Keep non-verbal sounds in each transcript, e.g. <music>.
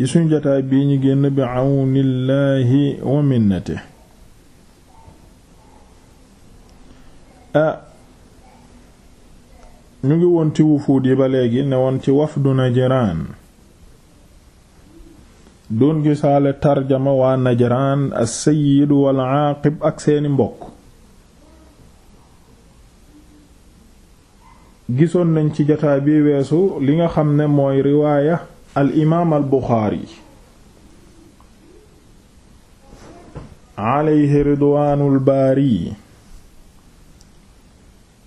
ci suñu jotaay bii ñu génn bi àwnillaahi wa minnate a ñu ngi woon ci yi ba léegi ne woon ci wafdu Najraan doon gisaale tarjama waa Najraan as-Sayyid wal Aaqib ak seeni mbokk gisoon nañ ci jotaay bi weesu li nga xam ne mooy riwaaya al imaam al buxaari alayhi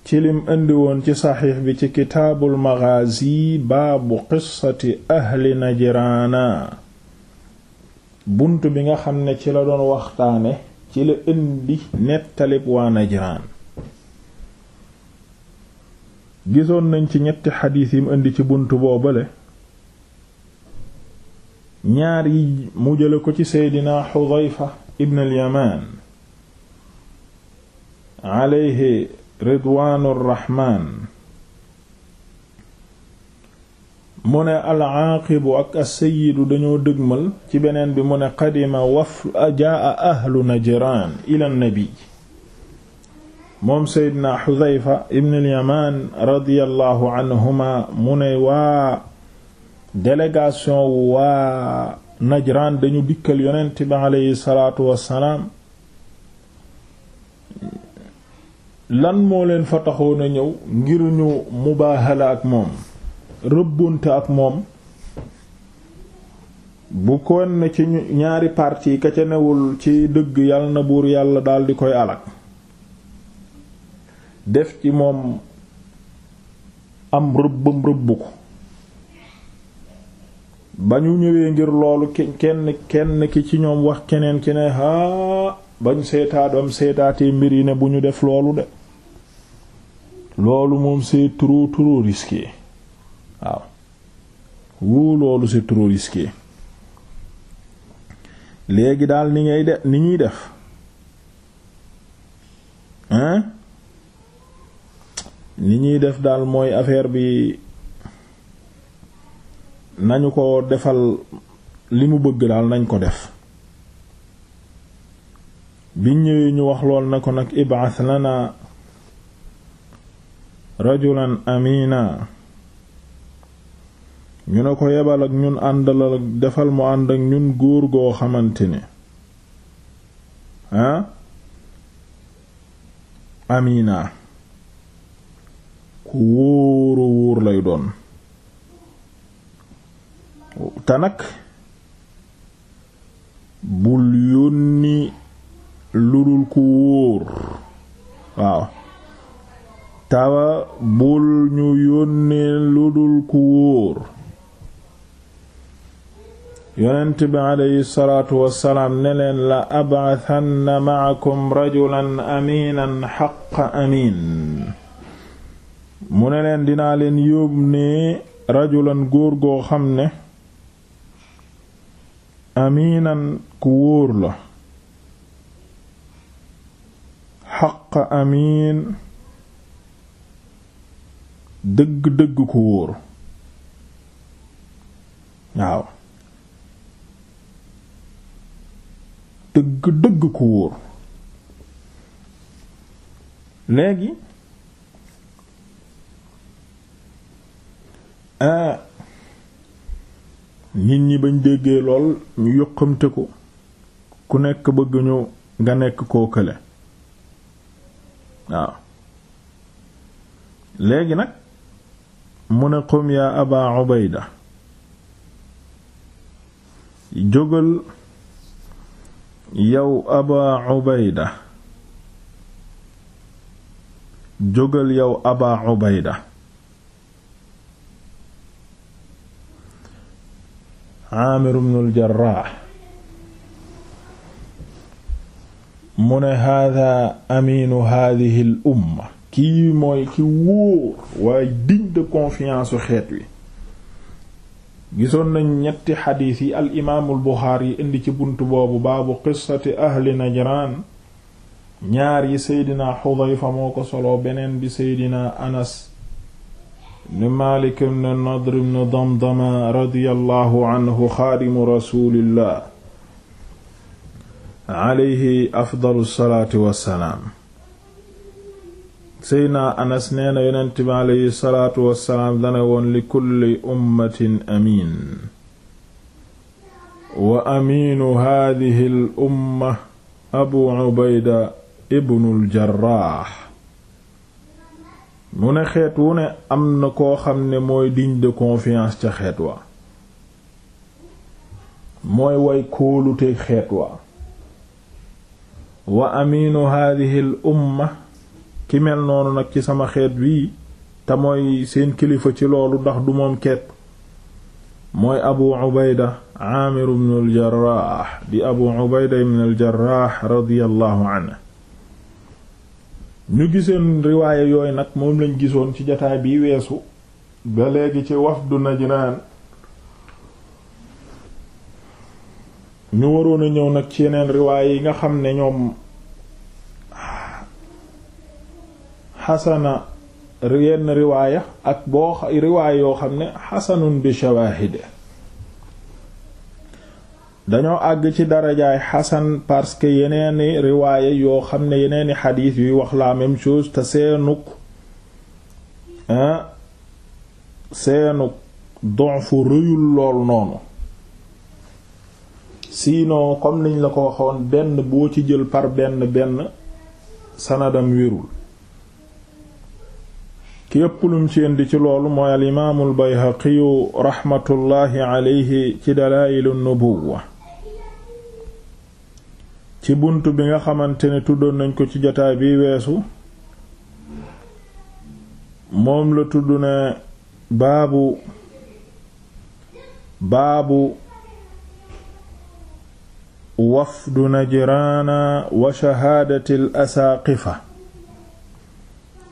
ci lim indi woon ci saxiix bi ci kitaabul magaazi baabu qissati ahli najraana bunt bi nga xam ne ci la doon waxtaane ci la indi nettalib waa najraan gisoon nañ ci ñetti xadiis yim indi ci bunt boobale ñaar yi mu jële ko ci seydina xudayfa ibn alyamaan alayhi ridwaanu rraxmaan mu ne alcaaqibu ak assayidu dañoo dëgmal ci beneen bi mu ne qadima jaa ahlu najraan ila nnabi moom seydina xudayfa ibn alyamaan radiyallahu anhuma mu waa délégation waa Najran dañu dikkal yonent bi aleyhi salaatu wassalaam lan moo leen fa taxoon a ñëw ngir ñu mubaahala ak moom rëbbunte ak moom bu kon ne ci ñaari parti ka ca newul ci dëgg yàlla buur yàlla di koy alak def ci moom am rëbbam rëbb ko ba ñu ñëwee ngir loolu kenn kenn ki ci ñoom wax keneen ki ne haa bañ seetaadam seetaatee mbir yi ne bu ñu def loolu de loolu moom c'est trop trop risqué waaw wuu loolu c'est trop risqué léegi daal ni ngay de ni ñuy def hein ni ñuy def daal mooy affaire bi nañu ko defal li mu bëgg daal nañ ko def biñ ñëwee ñu wax lool na ko nag ib'ath na rajulan amina ñu ne ko yebal ak ñun àndalal ak defal mu ànd ak ñun góor goo xamante ne ah amina ku wóoru wóor lay doon te nag bul yónni lu dul ku wóor waaw bul ñu yónnee lu dul ku wóor yonent bi aleyhi salaatu wassalaam ne leen la ab'athanna ma'akum rajulan aminan xaqa amin mu ne leen dinaa leen yóbbu ne rajulan góor goo xam ne aminan ku wóor la xaq amiin dëgg-dëgg ku wóor waaw dëgg-dëgg ku wóor léegi eh, nit ñi bañ déggee lool ñu yëqamte ko ku nekk bëgg ñu nga nekk koo kële waaw léegi nag mu ne qum yaa aba ubayda jógal yow aba ubayda jógal yow aba ubayda Aamir ibnul Jarraah mu ne kii mooy ki wóor waaye digne confiance xeet wi gisoon nañ ñetti xadiis yi al yi indi ci bunt boobu baabu qissati ahli Najraan ñaar seydina Xudayfa moo ko solo beneen bi seydina Anas ni Maalik ibn Nadr ibn Damdama radiyallahu anhu xaadimu rasulillah alayhi afdalu salaatu wassalaam seydna anas nee na yonent bi alayhi salaatu wassalaam dana woon li kulli ummatin amiin wa amiinu haadihi al umma abu ubayda ibnu al jarraax mu ne xeet wu ne am na koo xam ne mooy digne de confiance ca xeet wa mooy way kóoluteeg xeet wa wa aminu hadihi l umma ki mel noonu nag ci sama xeet bii te mooy seen kilifa ci loolu ndax du moom keet mooy abu ubayda aamir ibn al jarraax di abu ubayda ibn al jarraax radiyallahu anhu ñu giseen riwaaye yooyu nag moom lañ gisoon ci jataay bi weesu ba léegi ci wax wafdu Najraan ñu waroon a ñëw nag ci yeneen riwaaye yi nga xam ne ñoom xasana yenn riwaaya ak boo riwaaya yoo xam ne xasanun bi shawaahide dañoo àgg ci darajaay xasan parce que yeneeni riwaaye yoo xam ne yeneeni xadiis yuy wax laa même chose te seenuk seenuk don fu rëyul lool noonu sinon comme niñ la ko waxoon benn boo ci jël par benn benn sanadam wérul képp lum ci indi ci loolu mooy al imaamul bayhaqiyu raxmatullaahi ci dalaa'ilu nubuwwa ci bunt bi nga xamante ne tuddoon nañ ko ci jotaay bi weesu moom la tudd ne baabu baabu wafdu najraana wa shahaadati al asaaqifa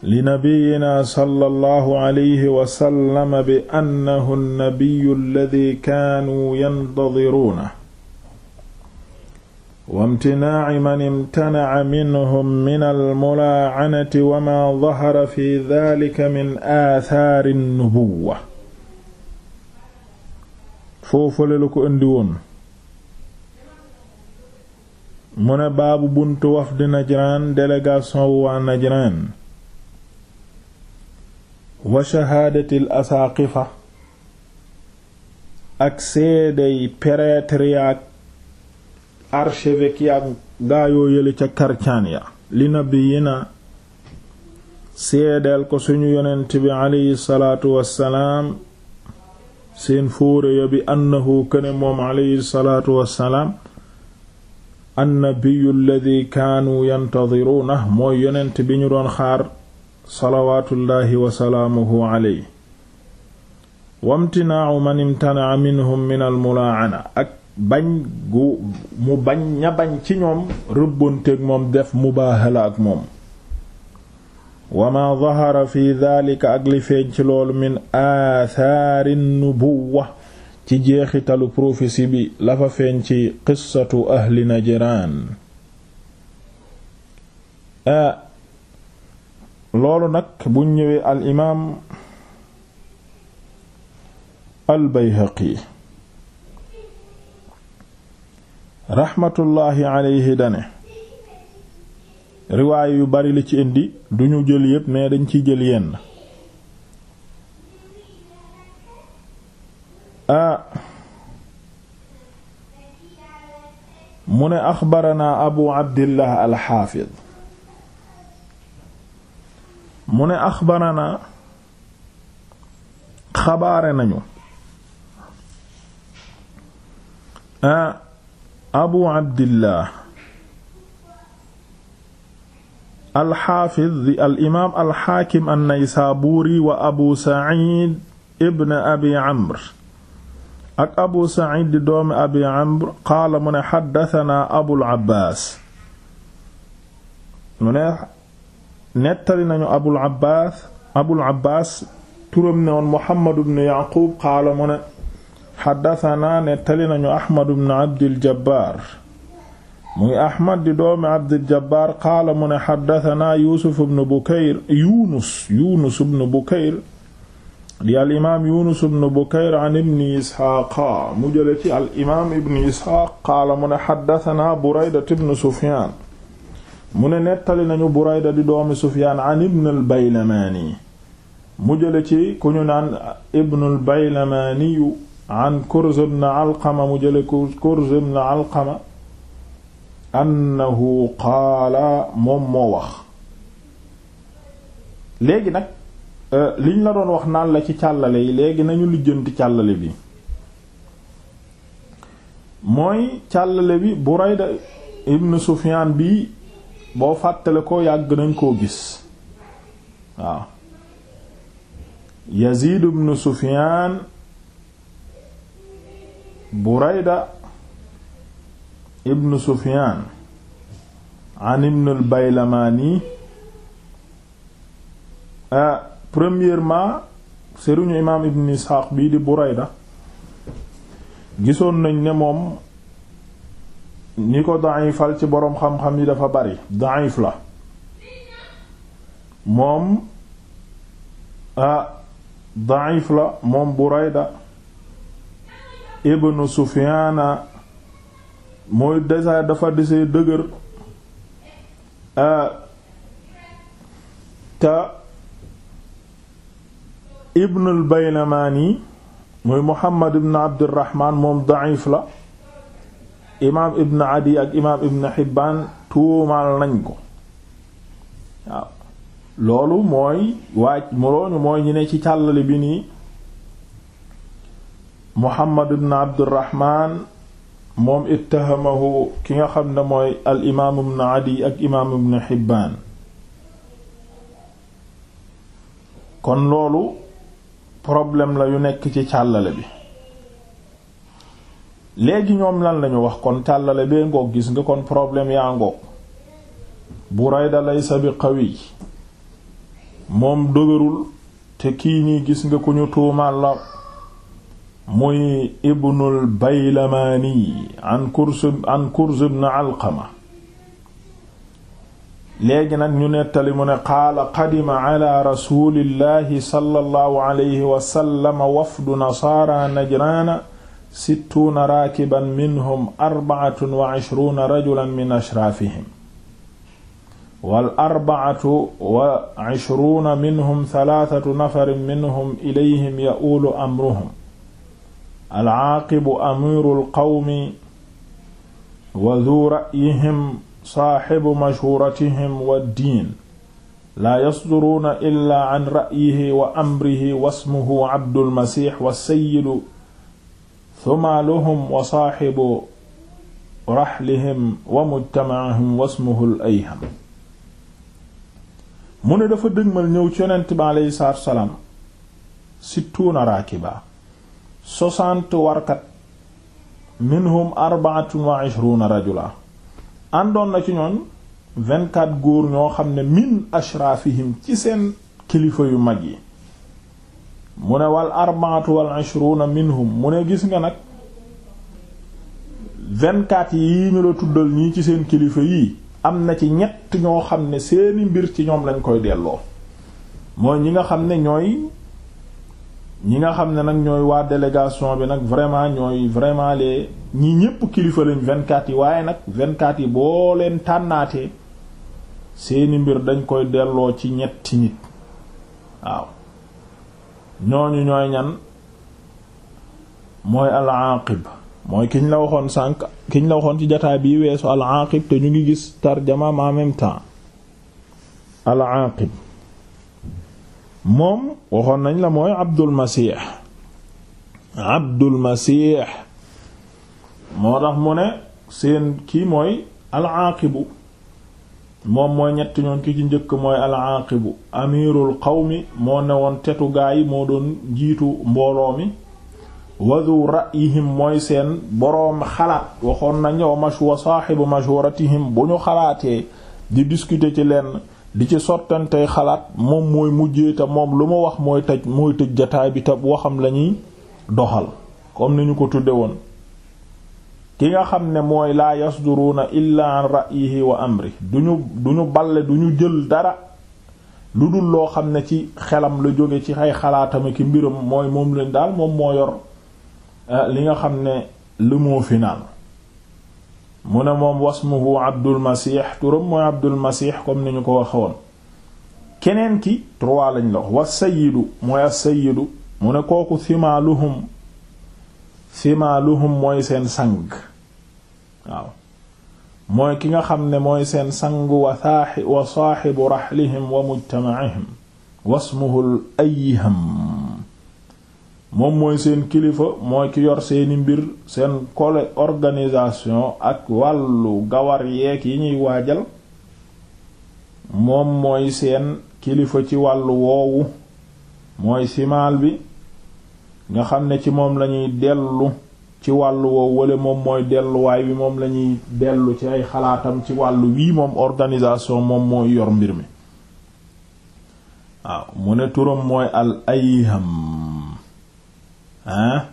li nabiyina sallallahu alayhi wa sallam bi annahu an-nabiyyu alladhi kaanuu yantadiruuna wamtinaaci man imtanaca minhum min almulaacanati wa maa dahara fi dalika min aathaari nubuwa foofale la ko indi woon mu ne baabu buntu wafdi najraan délégation wu waa najraan wa shahaadati l asaaqifa ak seeday prêtre yaak archevêque yaak gaayoo yële ca karcaan ya li nabiyina seedeel ko suñu yonent bi aleyhi salaatu wassalaam seen fóoreya bi annahu kene moom aleyhi salaatu wassalaam annabiyu alladi kaanu yantadiruuna mooy yonent bi ñu doon xaar salawaatullaahi wasalaamuhu aley wamtinaacu man imtanaca minhum min almulaacana ak bañ gu mu bañ ña bañ ci ñoom rëbbanteeg moom def mubaahala ak moom wa ma fi daalika ak li feeñ ci loolu min aathaari nubuwa ci jeexitalu prophétie bi la fa feeñ ci qissatu ahli najraan loolu nag bu ñëwee al imaam raxmatullaahi alayhi dane riwaay yu bari li ci indi duñu jël yépp mais dañ ci jël yenn a mu ne axbaranaa abu abdillah alxaafid mu ne axbaranaa xabaare nañu a abu abdillah alxaafiz di al imaam alxaakim an-Naysaabuuri wa abu Saciid ibn abi Amr ak abu Saciid di doomi abi Amr qaala mu ne xaddasanaa abul Abbaas mu ne nañu abul Abbaas abul Abbaas turam ne woon Muhammad ibn Yaquub qaala mu xaddatanaa nettali nañu ahmadu bnu abdiljabaar muy ahmad di doomi abdiljabaar qaala mu ne xaddatanaa yusuf bnu bukayr yunus yunus bnu bukayr di al imaam yunus bnu bukayr ci al imaam ibni isxaaq qaala mu ne xaddatanaa nettali nañu burayda di doomi sufyaan an ibn al an jële Kurz ibn Alqama annahu qaala moom moo wax léegi nag euh, liñ la wax naan ci càllale yi léegi nañu lijjanti càllale bi mooy càllale bi Burayda ibn bi boo fàttale ko yàgg nañ koo gis waaw Yaziid ibn Sufyaan Burayda ibn Sufyaan an ibn al-Baylamaani premièrement sëriñu imaam ibn Isxaaq bii di Burayda gisoon nañ ne moom ñi ko dayifal ci boroom xam-xam yi dafa bari dayif la moom ah la moom Burayda ibnu sufiana mooy desa dafa desee dëgër te ibnul baylamaani mooy muhammad ibn abdirahman moom daif la imaam ibn adi ak imaam ibn xibbaan tuumaal nañ ko waaw loolu mooy waaj mu looñu mooy ñi ne ci càllale bi nii Muhammad ibn Abdurrahman moom ittahamahu ki nga xam ne mooy al imaam ibn Adi ak imaam ibn Hibbaan kon loolu problème la yu nekk ci càllale bi léegi ñoom lan lañu wax kon càllale bee ngoog gis nga kon problème yaa ngoog Burayda laysa bi qawi moom dëgërul te kii nii gis nga ku ñu tuumaal la muy ibnul baylamaani an kurs an kurs ibn alqama léegi nag ñu nettali mu ne qaala qadima ala rasulillahi sallallahu alayhi wa sallam wafdu nasaara najraana sittuuna raakiban minhum arbacatun wa cishruuna rajulan min ashraafihim wal arbacatu wa cishruuna minhum talaatatu nafarin minhum ilayhim ya'uulu amruhum alcaaqibu amiru alqawmi wa du ra'yihim saaxibu mashhuratihim wa diin laa yasduruuna illaa can ra'yihi wa amrihi wasmuhu abdulmasix wasayidu thumaaluhum wa saaxibu raxlihim wa mujtamacihim wasmuhu l ayham mu ne dafa dëgmal ñëw ci yonent bi aleyhi salaatu wa salaam sittuuna raakiba soixante warkat minhum arbaatun wa ishruna rajula àndoon na ci ñooñ vingt góor ñoo xam ne min ashrafihim ci seen kilifa yu mag yi mu ne wal arbaatu wal ishruna minhum mu ne gis nga nag vingt yi ñu la tuddal ñii ci seen kilifa yii am na ci ñett ñoo xam ne seeni mbir ci ñoom lañ koy delloo mooy ñi nga xam ne ñooy ñi nga xam ne nag ñooy waa délégation bi nag vraiment ñooy vraiment les ñi ñépp kilifa leen 24 yi waaye nag 24 yi boo leen tànnaatee seeni mbir dañ koy delloo ci ñetti nit waaw ñooñu ñooy ñan mooy al mooy kiñ la waxoon sànq kiñ la waxoon ci jataay bi weesu al te ñu ngi gis tarjama en même temps moom waxoon nañ la mooy Abdul Masih Abdul Masih moo tax mu ne seen kii mooy al-Aaqibu moom mooy ñetti ñoon ki ci njëkk mooy al-Aaqibu amirul qawmi moo ne woon tetu gaa moo doon jiitu mbooloo mi wadu ra'yihim mooy seen boroom xalaat waxoon nañ wa mashwa saaxibu mashwaratihim bu ñu xalaatee di discuter ci lenn di ci sottantey xalaat moom mooy mujjee te moom lu mu wax mooy tëj mooy tëj jataay bi te waxam lañuy doxal comme ni ko tudde woon ki nga xam ne mooy laa yasduruuna illa an ra'yihi wa amri duñu duñu balle duñu jël dara lu dul loo xam ne ci xelam la jóge ci ay xalaatama ki mbiram mooy moom leen daal moom moo yor eh, li nga xam ne lu moo final mu ne moom wasmuhu abdul masih turam mooy abdul masih comme ni ñu ko waxe keneen ki trois lañ la wax wa sayidu mooy as-sayidu mu ne kooku simaaluhum simaaluhum mooy seen sang mooy ki nga xam ne mooy seen sang wa saaxibu raxlihim wa mujtamaihim wasmuhu al ayham moom mooy seen kilifa moo ki yor seeni mbir seen kole organisation ak wàllu gawar yeeg yi ñuy waajal moom mooy seen kilifa ci wàllu woowu mooy simaal bi nga xam ne ci moom lañuy dellu ci wàllu woowu wala moom mooy delluwaay bi moom lañuy dellu ci ay xalaatam ci wàllu wii moom organisation moom mooy yor mbir mi waaw mu ne turam mooy al ayham ah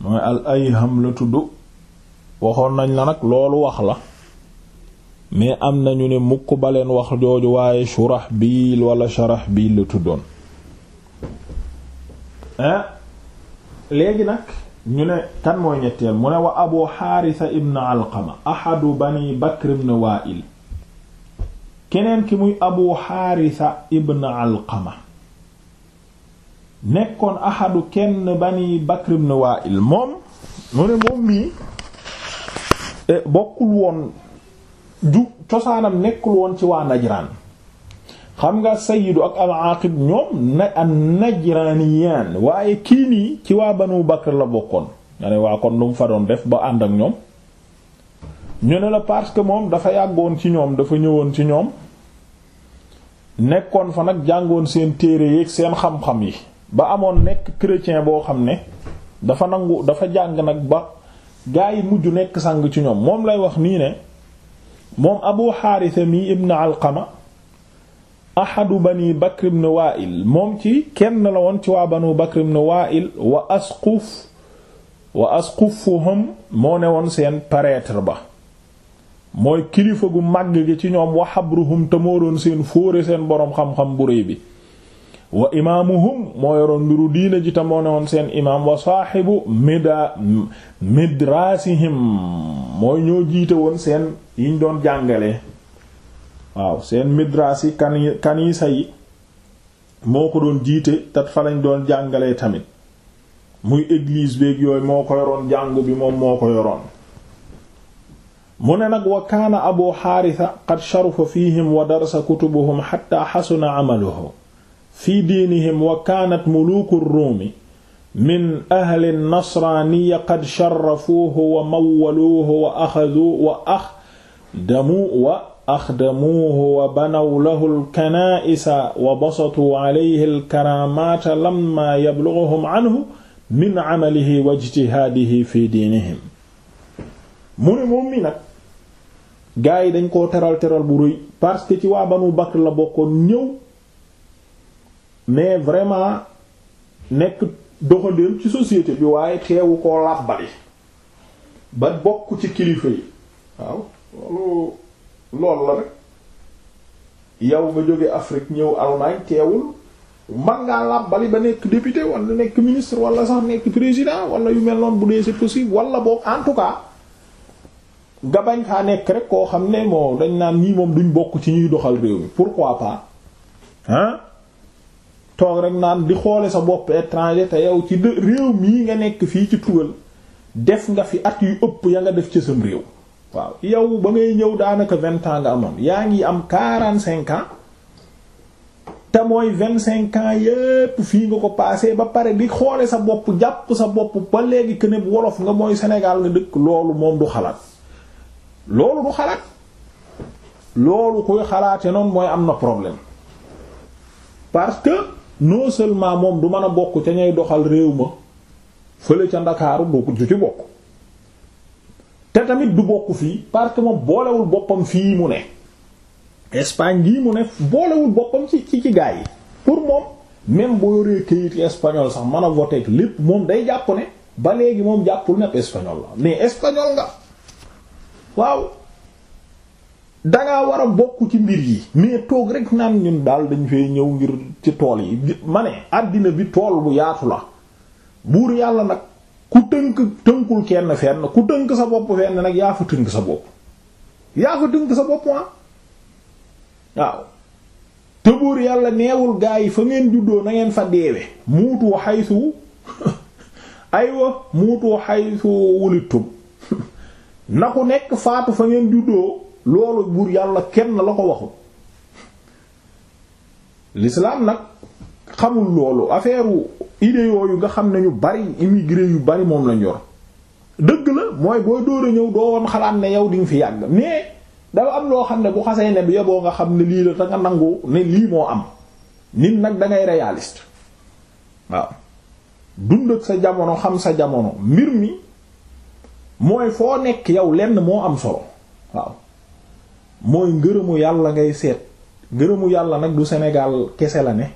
mooy al ayham la tudd waxoon nañ la nag loolu wax la mais am na ñu ne mukk baleen wax jooju waaye shurax biil wala sharax biil la tuddoon léegi nag ñu ne kan mooy ñetteel mu ne wa abu xaarisa ibn alqama ahadu bani bakr ibn wa'il keneen ki muy abu xaarisa ibn alqama nekkoon ahadu kenn bani Bakr ibn Wa'il moom mu ne moom mii e, bokkul woon du cosaanam nekkul woon ci waa Najraan xam nga Sayyidu ak al-Aqib ñoom na Najraaniyaan waaye kii nii ci waa Banu Bakr la bokkoon nga ne waa kon lu mu fa doon def ba ànd ak ñoom ñu ne la parce que moom dafa yàggoon ci ñoom dafa ñëwoon ci ñoom nekkoon fa nag jàngoon seen téere yeeg seen xam-xam yi ba amoon nekk chrétien boo xam ne dafa nangu dafa jàng nag ba gaa yi mujj nekk sang ci ñoom moom lay wax nii ne moom abu xaarisa mi ibn alqama ahadu bani bakr ibn wa'il moom ci kenn la woon ci waa banu bakr ibn wa'il wa asquf wa asqufuhum moo ne woon seen prêtre ba mooy kilifa gu màgg gi ci ñoom wa xabruhum te moo seen fóore seen boroom xam-xam bu réy bi wa imaamuhum moo yoroon mbiru diina ji ta ne woon seen imaam wa saaxibu mida midrasihim mooy ñoo jiite woon seen yiñ doon jàngale waaw seen midras yi kan kanisa yi moo ko doon jiite tat falañ doon jàngale tamit muy église beeg yooyu moo ko yoroon jàngu bi moom moo ko yoroon mu ne nag wa kaana abu xaarisa qad sharufa fihim wa darasa kutubuhum xatta xasuna amaluhu fi diinihim wa kaanat muluuku ruumi min ahli nasraaniya qad sharafuuhu wa mawwaluuhu wa axaduu wa axdamuu wa axdamuuhu wa banaw lahu lkanaa'isa wa basatuu calayhi lkaraamaata lammaa yabluguhum canhu min camalihi wa ijtihaadihi fi diinihim mu ne moom mi nag gaa yi dañ koo teral teral bu rëy parce que ci waa Banu Bakr la bokkoon ñëw mais vraiment nekk doxandéem ci société bi waaye teewu ko làbbali ba bokk ci kilifa yi waaw loolu la rek yow nga jóge Afrique ñëw Allemagne teewul man ngaa làbbali ba nekk député wala nekk ministre wala sax nekk président wala yu mel noonu bu dee c'est possible wala boog en tout cas nga bañ faa nekk rek koo xam ne moo dañ naan ñii moom duñ bokk ci ñuy doxal réew mi pourquoi pas hein toog rek naan di xoole sa bopp étranger te yow ci réew mii nga nekk fii ci tugal def nga fi at yu ëpp ya nga def ci sam réew waaw yow ba ngay ñëw daanaka vingt ans nga amoon yaa ngi am quarante cinq ans te mooy vingt cinq ans yépp fii nga ko passé ba pare di xoole sa bopp jàpp sa bopp ba léegi que ne wolof nga mooy Sénégal nga dëkk loolu moom du xalaat loolu du xalaat loolu kuy xalaate noonu mooy am na problème parce que non seulement moom du mën a bokk ca ñay doxal réew ma fële ca ndakaaru du ci bokk te tamit du bokk fii parce que ma boolewul boppam fii mu ne Espagne gii mu ne boolewul boppam ci ci gaa yi pour moom même boo yoree kayit espagnol sax mën a voter lépp moom day jàpp ne ba léegi moom jàppul nepp espagnol la mais espagnol nga waaw dangaa war a bokk ci mbir yi mais toog rek naan ñun daal dañ fee ñëw ngir ci tool yi ma ne àddina bi tool bu yaatu la buur yàlla nag ku tënk tënkul kenn fenn ku tënk sa bopp fenn nag yaa fa tënk sa bopp yaa fa tënk sa bopp ah waaw te buur yàlla neewul gaa yi fa ngeen juddoo na fa deewe muutu xaysu <laughs> aywa muutu xaysu wulitum <laughs> na ku nekk faatu fa ngeen juddoo loolu buur yàlla kenn la ko waxul l'islam nag xamul loolu affaire idée yooyu nga xam ne ñu bari immigré yu bari moom lañ yor dëgg la mooy boo dóor a ñëw doo woon xalaat ne yow di nga fi yàgg mais dafa am loo xam ne bu xasee ne bi yeboo nga xam ne lii la te nga nangu ne lii moo am nit nag dangay réaliste waaw dund sa jamono xam sa jamono mbir mi mooy foo nekk yow lenn moo am solo mooy ngërëmu yàlla ngay seet ngërëmu yàlla nag du senegal kese la ne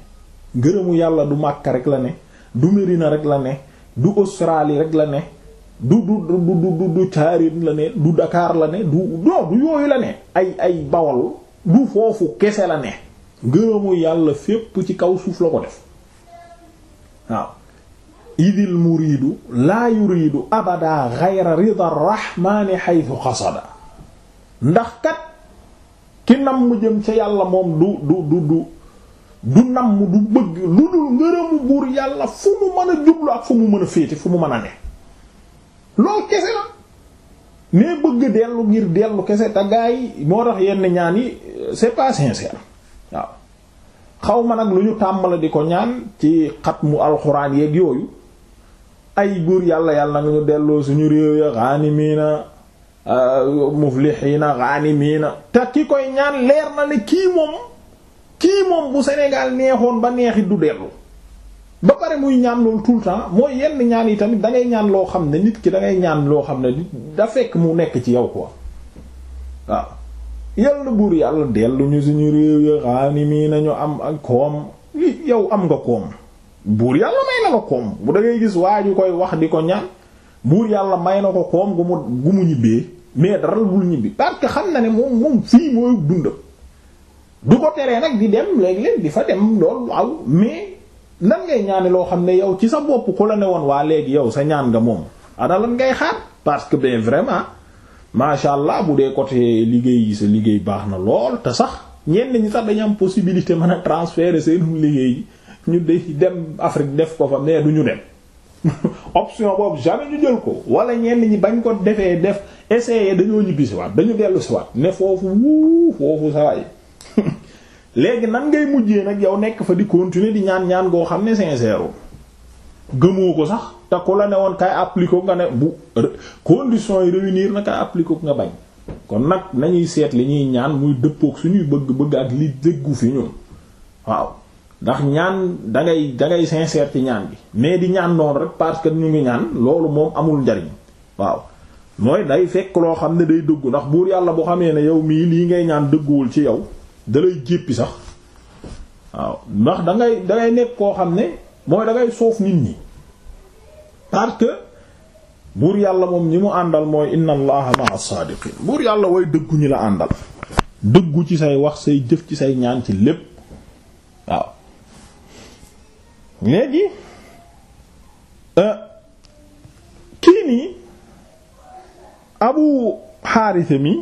ngërëmu yàlla du Makka rek la ne du Medina rek la ne du Australie rek la ne du du du du Caarin la ne du Dakar la ne du non du yooyu la ne ay ay Bawol du foofu kese la ne ngërëmu yàlla fépp ci kaw suuf la ko def waaw idil muriidu laa yuriidu abada xayra rida rahmaani xaytu xasada ndax kat ki nam mu jëm ca yàlla moom du du du du du nam mu du bëgg lu dul ngërëmu buur yàlla fu mu mën a jublu ak fu mu mën a féete fu mu mën a ne loolu kese la mais bëgg dellu ngir dellu kese te gaa yi moo tax yenn ñaan yi c'est pas sincère waaw xaw ma nag lu ñu tàmmala di ko ñaan ci xatmu alxuraan yeeg yooyu ay buur yàlla yàlla na ñu delloo suñu réew ya xaani Euh, muflixiina ghanimiina te ki koy ñaan leer na ne kii moom kii moom bu Sénégal neexoon ba neexi du dellu ba pare muy ñaan loolu tout mooy yenn ñaan yi tamit dangay ñaan loo xam ne nit ki dangay ñaan loo xam ne da fekk mu nekk ci yow ko waaw yàlla buur yàlla dellu ñu suñu réew ya ghanimiina ñu am ak koom yow am nga koom buur yàlla may na nga koom bu da gis waa ñu koy wax di ko ñaan buur yàlla may na ko koom gu mu gu ñibbee mais dara bul ñibbi parce que xam na ne moom moom fii mooy dundam du ko teree nag di dem léeg-léeg di fa dem lool waaw mais nan ngay ñaane loo xam ne yow ci sa bopp ku la ne woon waa léegi yow sa ñaan nga moom ana ngay xaar parce que ben vraiment macha allah bu dee côté liggéey yi sa liggéey baax na lool te sax ñenn ñi sax dañu am possibilité mën a transférer seen liggéey ñu de dem Afrique def ko fa mais ñu dem. <laughs> option boobu jamais ñu jël ko wala ñenn ñi bañ ko defee def essayer dañoo ñibbi si waat dañu dellu si waat ne foofu wuu foofu sawaay <laughs> léegi nan ngay mujjee nag yow nekk fa di continuer di ñaan ñaan goo xam ne sincère gëmoo ko sax te ku la ne woon kay appliquer ko nga ne bu conditions yi réunir na kay appliquer ko nga bañ kon nag nañuy seet li ñuy ñaan muy dëppook suñuy bëgg-bëgg ak li déggu fi ñun waaw ndax ñaan dangay ngay da ngay ci ñaan bi mais di ñaan noonu rek parce que ñu ngi ñaan loolu moom amul njariñ waaw mooy day fekk loo xam ne day dëggu ndax buur yàlla bu xamee ne yow mii lii ngay ñaan dëgguwul ci yow dalay jéppi sax waaw ndax da nekk koo xam ne mooy da ngay soof nit ñi parce que buur yàlla moom ñi mu àndal mooy inna allaha ma'a saadiqin buur yàlla woy dëggu ñi la àndal dëggu ci say wax say jëf ci say ñaan ci lépp waaw léegi euh, kii nii abu xaarisa mi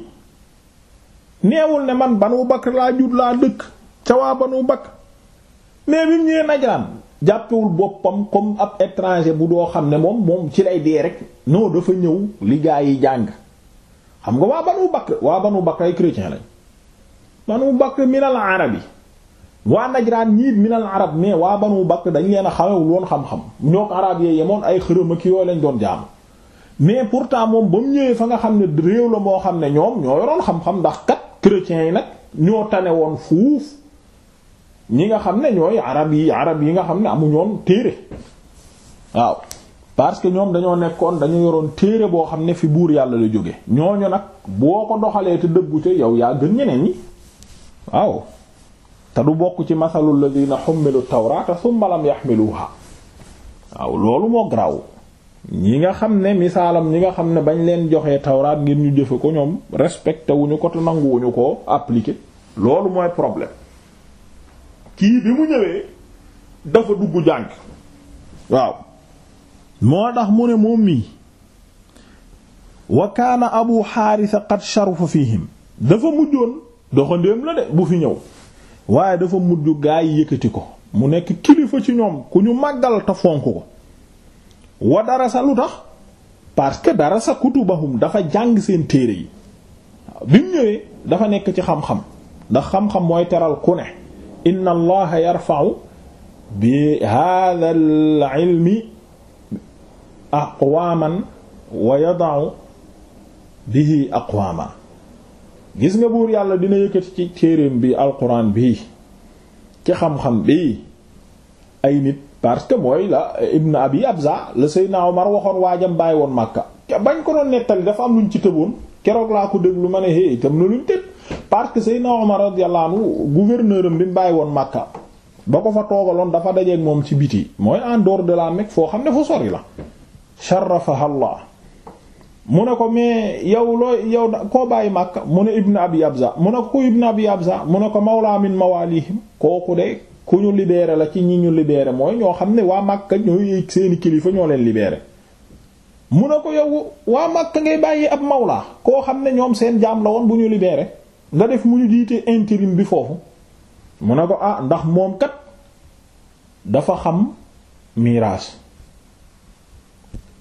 neewul ne man banu bakr laa jur laa dëkk ca waa banu bakk mais bi mu ñëwee najraan jàppewul boppam comme ab étranger bu doo xam ne moom moom ci lay dee rek non dafa ñëw li yi jàng xam nga waa banu bakr waa banu bakr ay chrétien lañ banu bakr min al arabi waa najraan ñiit minal arab mais waa banu bakk dañ leen a xamewul woon xam-xam ñook arab yee yemoon ay xërëm ak yooyu lañ doon jaamu mais pourtant moom ba mu ñëwee fa nga xam ne réew la moo xam ne ñoom ñoo yoroon xam-xam ndax kat yi nag ñoo tane woon fuuf ñi nga xam ne ñooy arab yi arab yi nga xam ne amu téere waaw parce que ñoom dañoo nekkoon dañu yoroon téere boo xam ne fi buur yàlla la jóge ñooñu nag boo ko doxalee te dëggu ci yow yaa gën ñeneen ñi waaw te du bokk ci masalul ladina xummilu tawrata summa lam yaxmiluha waaw loolu moo garaaw ñi nga xam ne misaalam ñi nga xam ne bañ leen joxee tawraat ngir ñu jëfe ko ñoom respecté wuñu ko te nanguwuñu ko appliquer loolu mooy problème kii bi mu ñëwee dafa dugg jàng waaw moo tax mu ne moom mii wa kaana abu xaarisa qad sharufa fihim dafa mujjoon doxandéem la de bu fi ñëw waaye dafa mujj gaa yi yëkkati ko mu nekk kilifa ci ñoom ku ñu màggal te fonk ko wa dara sa lu tax parce que dara sa kutubahum dafa jàng seen téere yi bi mu ñëwee dafa nekk ci xam-xam ndax xam-xam mooy teral ku ne inna allaha yarfa'u bi hadha al wa yada'u bihi aqwaman gis nga buur yàlla dina yëkkati ci téereem bi alquran bii ci xam-xam bi ay nit parce que mooy la Ibn Abi Abza la Seydina Omar waxoon waajam bàyyi woon Makka bañ ko doon nettali dafa am luñ ci tëboon keroog laa ko déglu ma ne hé itam na luñ tëb parce que Seydina Omar radiyallahu anhu gouverneur am bi mu bàyyi woon Makka ba ko fa toogaloon dafa dajeeg moom ci biti mooy en dehors de la Mecque foo xam ne fa sori la sharafaha mu ne ko mais yow looy yow koo bàyyi màkk mu ne Ibn Abi Abza mu ne ko ku Ibn Abi Abza ko mawla min kooku de ku ñu libéré la ci ñi ñu libeere mooy ñoo xam ne waa Makka ñooy seeni kilifa ñoo leen libéré. mu ne ko yow waa Makka ngay bàyyi ab mawla koo xam ne ñoom seen jaam la woon bu ñu libeere nga def mu ñu jiite intérim bi foofu mu ne ko ah ndax moom kat dafa xam miraas.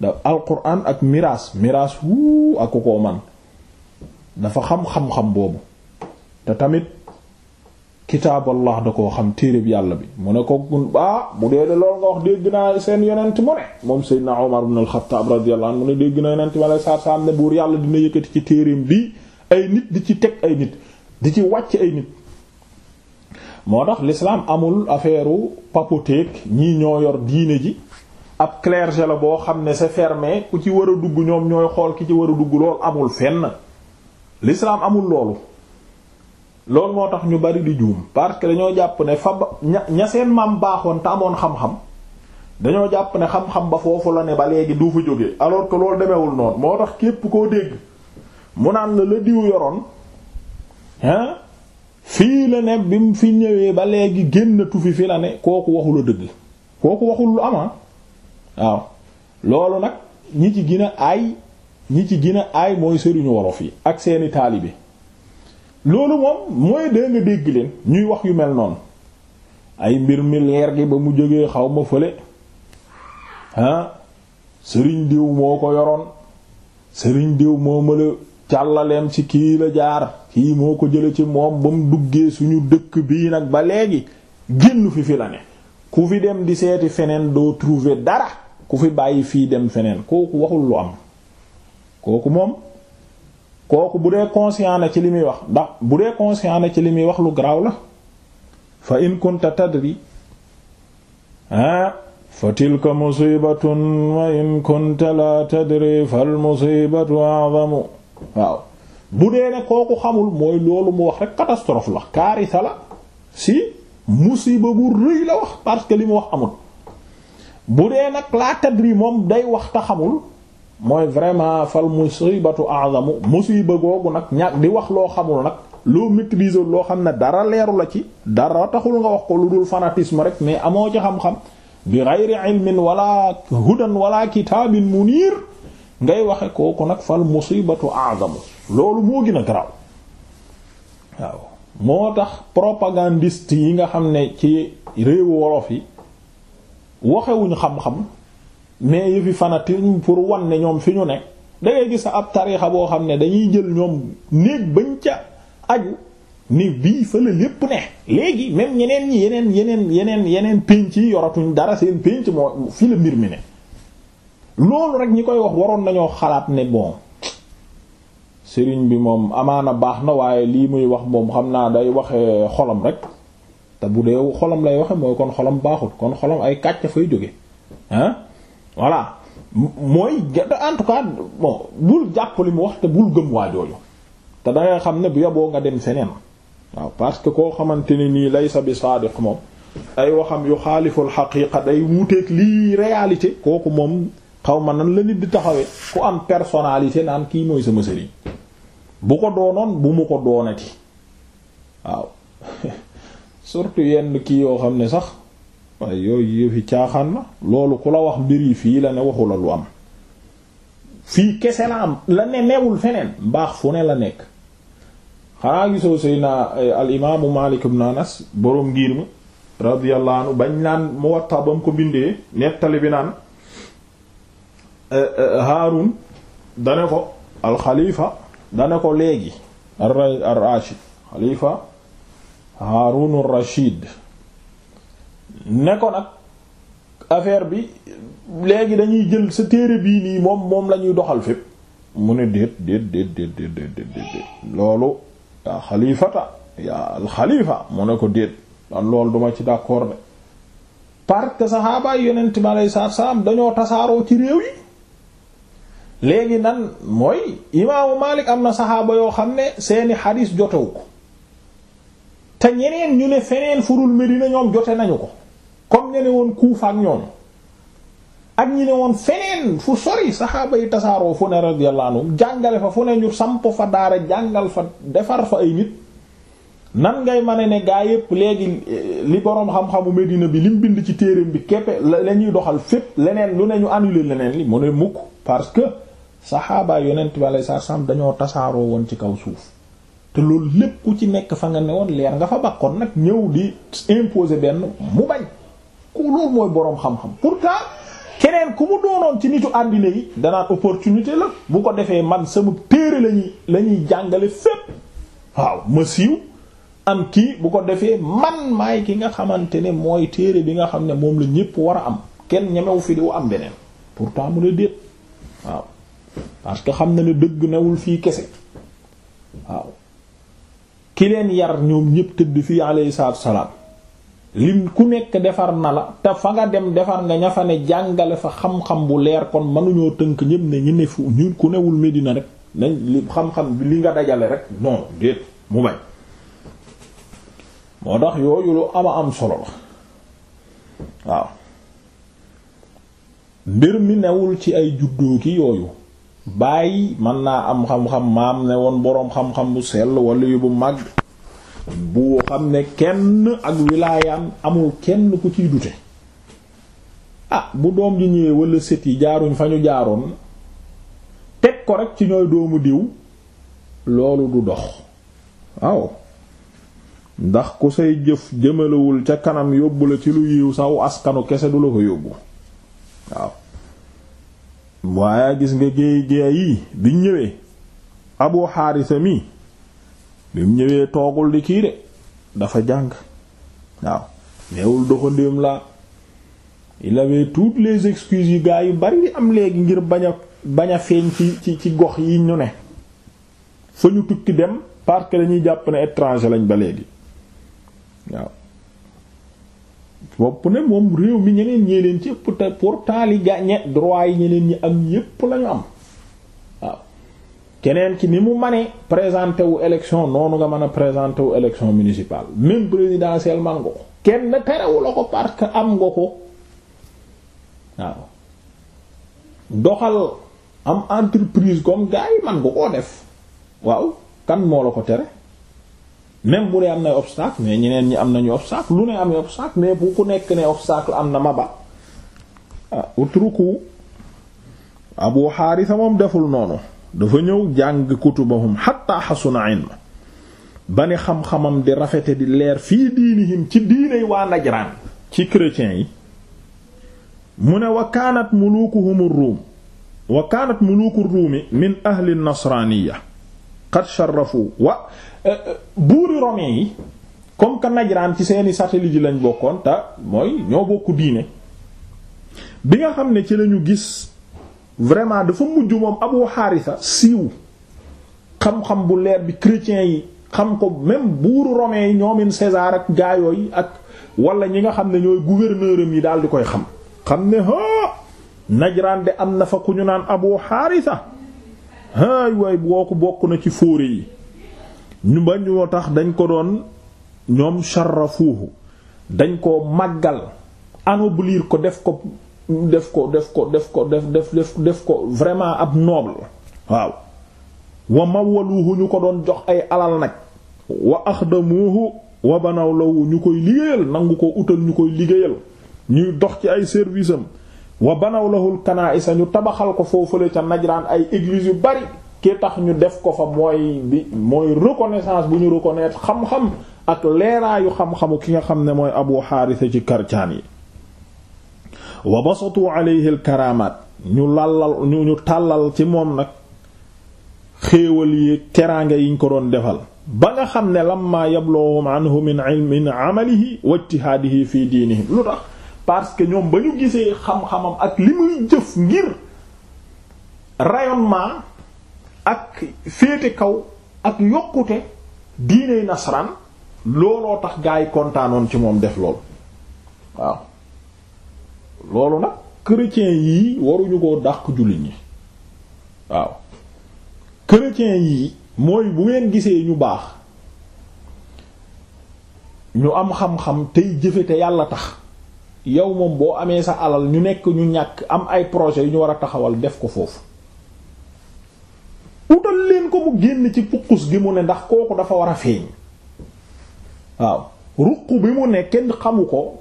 da alquran ak miraas miraas wuu ak ko man dafa xam xam-xam boobu te tamit kitaaballah da koo xam téereb yàlla bi mu ne ko gun ah, baa bu dee de lool nga wax dégg naa seen yonent mu ne moom Seydina Omar ibn al-Khattab radiyallahu anhu dégg na yonent ma lay saar saam ne buur yàlla dina yëkkati ci téereem bi ay nit di ci teg ay nit di ci wàcc ay nit moo tax l'islam amul affaire papoteek ñii ñoo yor diine ji ab clergé la boo xam ne c'est fermé ku ci war a dugg ñoom ñooy xool ki ci war a dugg lool amul fenn l'islam amul loolu loolu moo tax ñu bari di juum parce que dañoo jàpp ne fa ña seen maam baaxoon te amoon xam-xam dañoo jàpp ne xam-xam ba foofu la ne ba léegi du fa jógee alors que loolu demewul noon moo tax képp koo dégg mu naan la la diw yoroon fii la ne bi mu fi ñëwee ba léegi génnatu fi fi la ne kooku waxul a dëgg kooku waxul lu ama ah. waaw loolu nag ñi ci gina ay ñi ci gën ay mooy sëriñu wolof yi ak seeni taalibe loolu moom mooy dee nga dégg leen ñuy wax yu mel noonu ay mbir mi leer gi ba mu jógee xaw ma fële ah sëriñ diw moo ko yoroon sëriñ diw moo ma la càllaleem ci kii la jaar kii moo ko jële ci moom ba mu duggee suñu dëkk bii nag ba léegi génn fi fi la ne ku fi dem di seeti feneen doo trouver dara ku fi bàyyi fii dem feneen kooku waxul lu am kooku moom kooku bu dee conscient na ci li muy wax bu dee na ci li muy wax lu garaaw la fa in kunta tadri ah fa tilka musibatun wa in kunta la tadri fal musibatu kooku xamul mooy wax rek catastrophe la kaarisa la si musiba bu rëy la wax parce que li mu wax amul bu dee nag laa tadri moom day wax ta xamul mooy vraiment fal musibatu a'zamu musiba googu nag ñàkk di wax loo xamul nag loo maîtriser loo xam ne dara leeru la ci dara taxul nga wax ko lu dul fanatisme rek mais amoo ci xam-xam bi ghayri ilmin wala hudan wala kitaabin munir ngay waxe kooku nag fal musibatu a'zamu loolu moo gën a garaaw moo tax propagandiste yi nga xam ne ci réew wolof yi waxewuñu xam-xam mais yëfi fanatisme pour wan ne ñoom fi ñu ne dangay gis ab tariixa boo xam ne dañuy jël ñoom néeg bëñ ca aju ni bii fële yépp ne léegi même ñeneen ñi yeneen yeneen yeneen yeneen pénc yi yoratuñ dara seen pénc moo fi la mbir mi ne loolu rek ñi koy wax waroon nañoo xalaat ne bon sëriñ bi moom amaana baax na waaye lii muy wax moom xam naa day waxe xolam rek te bu dee xolam lay waxe mooy kon xolam baaxul kon xolam ay kàcc fay jóge ah voilà mooy en tout cas bon bul jàpp li mu wax te bul gëm waa jooju te da nga xam ne bu yaboo nga dem feneen waaw parce que koo xamante ne nii lay bi saadiq moom ay waxam yu xaaliful xaqiqa day wuuteeg lii réalité kooku moom xaw ma nan la nit di taxawee ku am personnalité naan kii mooy sama sëriñ bu ko doonoon bu mu ko doonati waaw <laughs> surtout yenn kii yoo xam ne sax waaye yooyu yëfi caaxaan la loolu ku la wax mbir yi fii la ne waxu la lu am fii kese la am la ne newul feneen mbaax fu ne la nekk xanaa gisoo Seydina eh, al imaamu Maalik ibn Anas boroom ngir ma radiyallahu anhu bañ naan Muwatta ba mu ko bindee nettali bi naan eh, eh, Haarun dane ko al xalifa dane ko léegi ar-Rashid xalifa Haarun Rashid ne ko nag affaire bi léegi dañuy jël sa téere bii nii moom moom la ñuy doxal fépp mu ne déet déet déet déet déet déet loolu yaa xalifata yaa alxalifa mu ne ko déet dan loolu duma ci d'accord de parce que saxaabaay yonent mi aleyhi salaam dañoo tasaaroo ci réew yi léegi nan mooy imaamu Maalik am na saxaaba yoo xam ne seeni xadiis jotewu ko te ñeneen ñu ne feneen furul Medina ñoom jote nañu ko comme ñene woon Kuufa ak ñoom ak ñi ne woon feneen fu sori saxaaba yi tasaaroo fu ne radiyallahu anhum jàngale fa fu ne ñu samp fa daara jàngal fa defar fa ay nit nan ngay mën a ne gaa yépp léegi eh, li boroom xam-xamu Medina bi lim bind ci téereem bi képpe la ñuy doxal fépp leneen lu ne ñu annulé leneen li mu ne mukk parce que saxaaba yonent bi alayhi salaam dañoo tasaaroo woon ci kaw suuf te loolu lépp ku ci nekk fa nga ne leer nga fa bakkoon nag ñëw di imposer benn mu bañ ku loolu mooy boroom xam-xam pourtant keneen ku mu doonoon ci nitu àddina yi danaan opportunité la bu ko defee man sama téere lañuy la ñuy jàngale fépp waaw ma siiw am kii bu ko defee man maay ki nga xamante ne mooy téere bi nga xam ne moom la ñépp war a am kenn ñemewu fi di wu am beneen pourtant mu ne déet waaw parce que xam na ne dëgg newul fii kese waaw ki leen yar ñoom ñépp tëdd fii alayhi salaatu salaam ku nekk defar na la te fa nga dem defar nga ña fa ne jàngale fa xam-xam bu leer kon mënuñoo tënk ñépp ne ñu ne fu ñun ku newul Medina rek nañ li xam-xam bi li nga dajale rek non déet mu bañ moo tax yooyu lu ama am solo la waaw mbir mi newul ci ay juddoo ki yooyu bàyyi mën naa am xam-xam maam ne woon boroom xam-xam bu sell wala yu bu mag bu xam ne kenn ak wilaayam amul kenn ku ciy dute ah bu doom ji ñëwee walla sët yi jaaruñ fa ñu jaaroon teg ko rek ci ñooy doomu diw loolu du dox waaw ndax ku say jëf jëmalewul ca kanam yóbbu la ci lu yiw saw askanu kese du la ko yóbbu waaw waaye gis nga géey géey yi biñ ñëwee abu xaarisa mi bi mu ñëwee toogul di kii de dafa jàng waaw neewul doxandéem la il avait toutes les excuses yu gaa yu bari am léegi ngir bañ a bañ a feeñ ci ci ci gox yi ñu ne fa ñu tukki dem park que dañuy jàpp ne étranger lañ ba léegi waaw wopp ne moom réew mi ñeneen ñee leen ci ëpp pour pourtant li gagné droit yi ñeneen ñi am yépp lañu am waaw keneen ki ni mu manee présenté wu élection noonu nga mën a présenté wu élection municipale même présidentielle man nga ko kenn terewu la ko parce que am ngoo ko waaw doxal am entreprise comme gars man nga koo def waaw kan moo la ko tere même bu dee am na obstacle mais ñeneen ñi am nañu obstacle lu ne am obstacle mais bu ku nekk ne obstacle am na ma ah utruku abu xaarisa moom deful noonu dafa ñëw jàng kutubahum xatta xasuna ilma ba ne xam-xamam di rafete di leer fii diinihim ci diiney waa najraan ci chrétiens yi mu ne wa kaanat muluukuhum ruum wa kaanat muluuku ruumi min ahli nasraaniya qad sharafu wa Euh, euh, buuri romin yi comme que Najraan ci seeni satellite yi lañ bokkoon te mooy ñoo bokku diine bi nga xam ne ci lañu gis vraiment dafa mujj moom Abu xaarisa siiw xam-xam bu leer bi chrétiens yi xam ko même buuru romain yi ñoomin César ak gaayoo yi ak wala ñi nga xam ne ñooy gouverneur am yi daal di koy xam xam ne a Najraan de am na fa ku ñu naan Abu xaarisa ay waay boo ko bokk na ci fóore yi ñu ba ñoo tax dañ ko doon ñoom sharafuhu dañ ko màggal anoblir ko def ko def ko def ko def ko def def def def ko vraiment ab noble waaw wa mawwaluhu ñu ko doon jox ay alal nag wa axdamuhu wa banaw lawu ñu koy liggéeyal nangu ko utal ñu koy liggéeyal ñuy dox ci ay service am wa banaw lahul kanaa'isa ñu tabaxal ko foofu foofale ca najraan ay église yu bari ki tax ñu def ko fa mooy bi mooy reconnaissance bu ñu reconnaître xam-xam ak leeraayu xam-xamu ki nga xam ne mooy abu xaarisa ci karcaan yi wa basatu alayhi al ñu lallal ñu tàllal ci moom nag xéewal yi teraanga yiñ ko doon defal ba nga xam ne lam ma anhu ma ilmin amalihi wa ijtihaadihi fi diinihim lu tax parce que ñoom ba ñu gisee xam-xamam ak li muy jëf ngir rayonnement ak féete kaw ak yokkute diiney nasaraan looloo tax gaa yi kontaanoon ci moom def lool waaw loolu nag chrétiens yii waruñu ko dàq jullit ñi waaw chrétiens yii mooy bu ngeen gisee ñu baax ñu am xam-xam tey jëfe te yàlla tax yow moom boo amee sa alal ñu nekk ñu ñàkk am ay projet yu ñu war a taxawal def ko foofu utal leen ko mu génn ci puqus gi mu ne ndax kooku dafa war a feeñ waaw ruq bi mu ne kenn xamu ko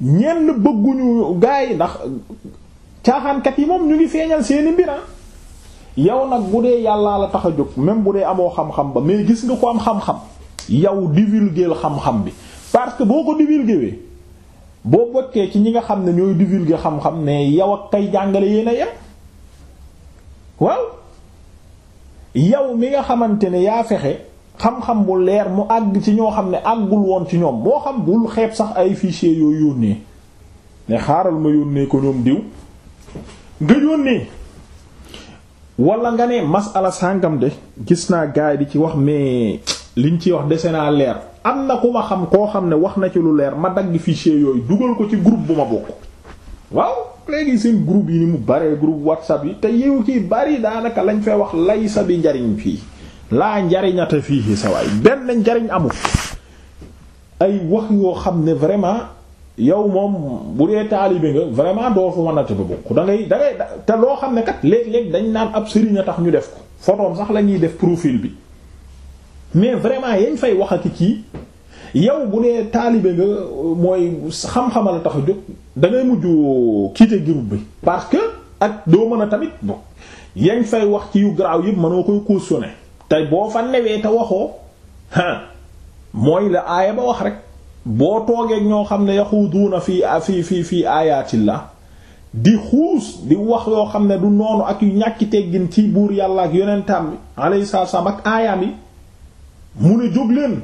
ñenn bëgguñu gaa yi ndax caaxaankat yi moom ñu ngi feeñal seeni mbira ah. yow nag bu dee yàllaa la tax a jóg même bu dee amoo xam-xam ba mais gis nga ko am xam-xam yow divulguer xam-xam bi parce que boo ko divulguer boo bokkee ci ñi nga xam ne ñooy divulguer xam-xam mais yow ak kay jàngale yéen a yem waaw yow mi nga xamante ne yaa fexe xam-xam bu leer mu àgg ci ñoo xam ne àggul woon ci ñoom boo xam bul xeeb sax ay fichier yooyu yónnee ne xaaral ma yónnee ko ñoom diw nga yónnee wala nga ne masala sàngam de gis naa gaay bi ci wax mais liñ ci wax dese naa leer am na ku ma xam koo xam ne wax na ci lu leer ma dagg fichier yooyu dugal ko ci groupe bu ma bokk waaw léegi seen groupe yi ni mu baree groupe whatsapp yi te yiw kii bari daanaka lañ fay wax lay sa bi njariñ fii laa njariñata fii sa waay benn njariñ amul ay wax yoo xam ne vraiment yow moom bu dee taalibe nga vraiment doo fa mënate ba bokk da ngay te loo xam ne kat léeg-léeg dañ naan ab sëriñ a tax ñu def ko photoom sax la ñuy def profil bi mais vraiment yañ fay wax ak kii yow bu dee taalibe nga mooy xam-xamal la tax a jóg da ngay mujj quitter bi. parce que ak doo mën a tamit bon yañ fay wax ci yu garaaw yëpp mënoo koy cautionner te boo fa newee te waxoo ah mooy la aaya ba wax rek boo toogee ñoo xam ne na fii fii fii fii aayaatillah di xuus di wax yoo xam ne du noonu ak yu ñàkki teggin ci buur yàlla ak yonentam bi alayhi salaam ak aayaam yi mu ne jóg leen.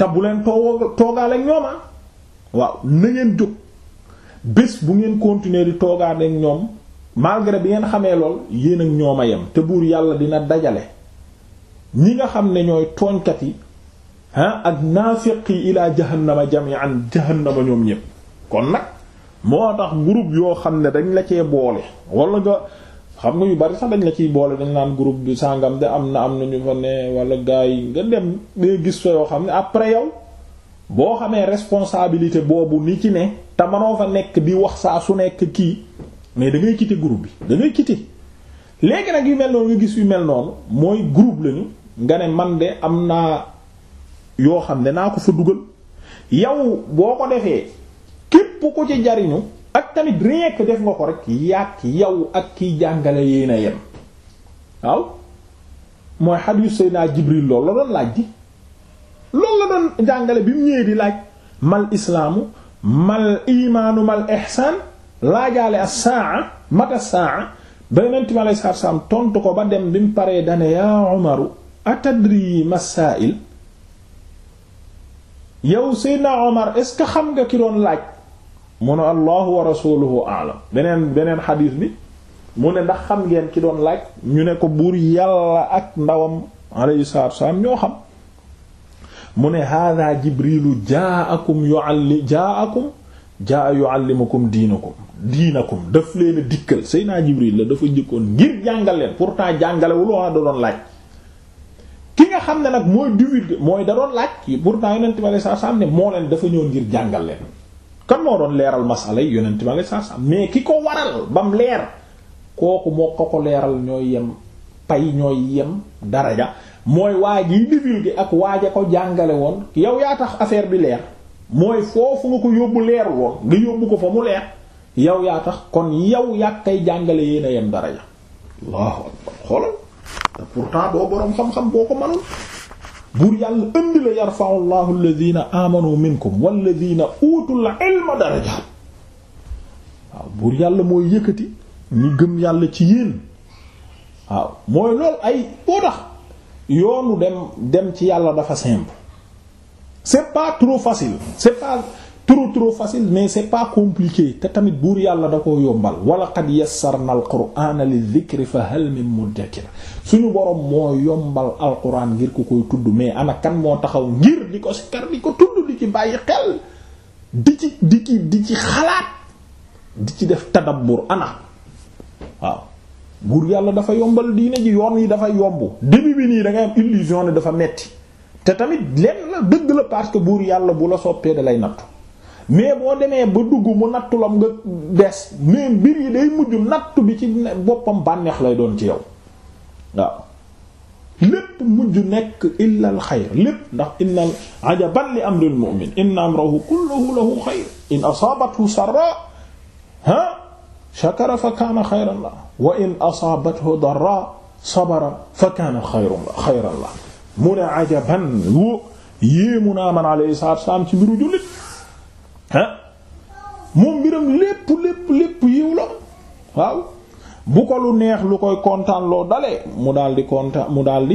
te bu leen toog toogaale ak ñoom ah. waaw na ngeen jóg bés bu ngeen continuer di toogaale ñoom malgré bi ngeen xamee lool yéen ak ñoom a yem te buur yàlla dina dajale ñi nga xam ne ñooy tooñkat yi ah ak naafiq yi ilaa jahannama jami'an jahannama ñoom ñépp kon nag moo tax groupe yoo xam ne dañ la cee boole wala nga. xam nga yu bari sax dañ la ciy boole dañ naan groupe bi sàngam de am na am na ñu fa ne wala gars yi nga dem day gis fa yoo xam ne après yow boo xamee responsabilité boobu ni ci ne te manoo fa nekk di wax saa su nekk kii mais da ngay quitter groupe bi dangay ngay quitter léegi nag yu mel noonu nga gis yu mel noonu mooy group lañu nga ne man de am naa yoo xam ne naa ko fa dugal yow boo ko defee képp ko ci jariñu ak tamit rien que def nga ko rek yàq yow ak kiy jàngale yéen a yem waaw mooy xadiis Seydina Jibril loolu la doon laaj di loolu la doon jàngale bi mu ñëwee di laaj mal islaamu mal imaanu mal ihsaan laajaale as-saa mata as-saa tontu ko ba dem bi mu paree dane yaa Umaru atadri masaa'il yow Seydina Omar est ce que xam nga ki doon laaj mu ne allahu wa rasuluhu aalam beneen beneen xadiis bi mu ne ndax xam ngeen ki doon laaj ñu ne ko buur yàlla ak ndawam alayhi salaatu wasalaam ñoo xam mu ne hada jibrilu jaakum yualli jaakum jaa yuallimukum diinakum diinakum daf leen a dikkal Seydina Jibril la dafa jëkkoon ngir jàngal leen pourtant jàngalewul waa da doon laaj ki nga xam ne nag mooy divulguer mooy da doon laaj pourtant yonent bi alayhi salaatu wasalaam ne moo leen dafa ñëw ngir jàngal leen kan moo doon leeral masala yi yonent ma nga saa saa mais ki ko waral bam leer kooku moo ko ko leeral ñooy yem pay ñooy yem daraja mooy waaj yi divulgué ak waaja ko jàngale woon yow yaa tax affaire bi leer mooy foofu nga ko yóbbu leer woon nga yóbbu ko fa mu leer yow yaa tax kon yow yaa kay jàngale yéen a yem daraja waaw xoolal te pourtant doo boroom xam-xam boo ko mënoon buur yàlla indi la yarfa'u llahu alladhina amanu minkum walladhina utul ilma daraja waaw buur yàlla mooy yëkkati ñi gëm yàlla ci yéen waaw mooy loolu ay boo tax yoonu dem dem ci yàlla dafa simple c'est pas trop facile c'est pas trop trop facile mais c'est pas compliqué te tamit buur yàlla da koo yombal wala qad yassarna al qur'ana li dhikri fa hal min yombal alquran ngir ku koy tudd mais ana kan moo taxaw ngir di ko sikar di ko tudd di ci bàyyi xel di ci di ci di ci xalaat di ci def tadabbur ana waaw buur yàlla dafa yombal diine ji yoon yi dafa yomb début bi nii da am illusion dafa metti te tamit lenn dëgg la parce que buur yàlla bu la soppee da lay nattu mais boo demee ba dugg mu nattulam nga des mais mbir yi mujj nattu bi ci boppam bànneex lay doon ci yow waaw lépp mujj nekk illa al xayr lépp ndax inna ajaban li amril mu'min inna amrahu kulluhu lahu xayr in asaabathu sarra ha shakara fa kaana xayran la wa in asaabathu darra sabara fa kaana xayran la mu ne ajaban yéemu naa man alayhi salaatu wa salaam ci mbiru jullit ah moom mbiram lépp lépp lépp yiw la waaw bu ko lu neex lu koy kontaanloo loo mu daal di mu daal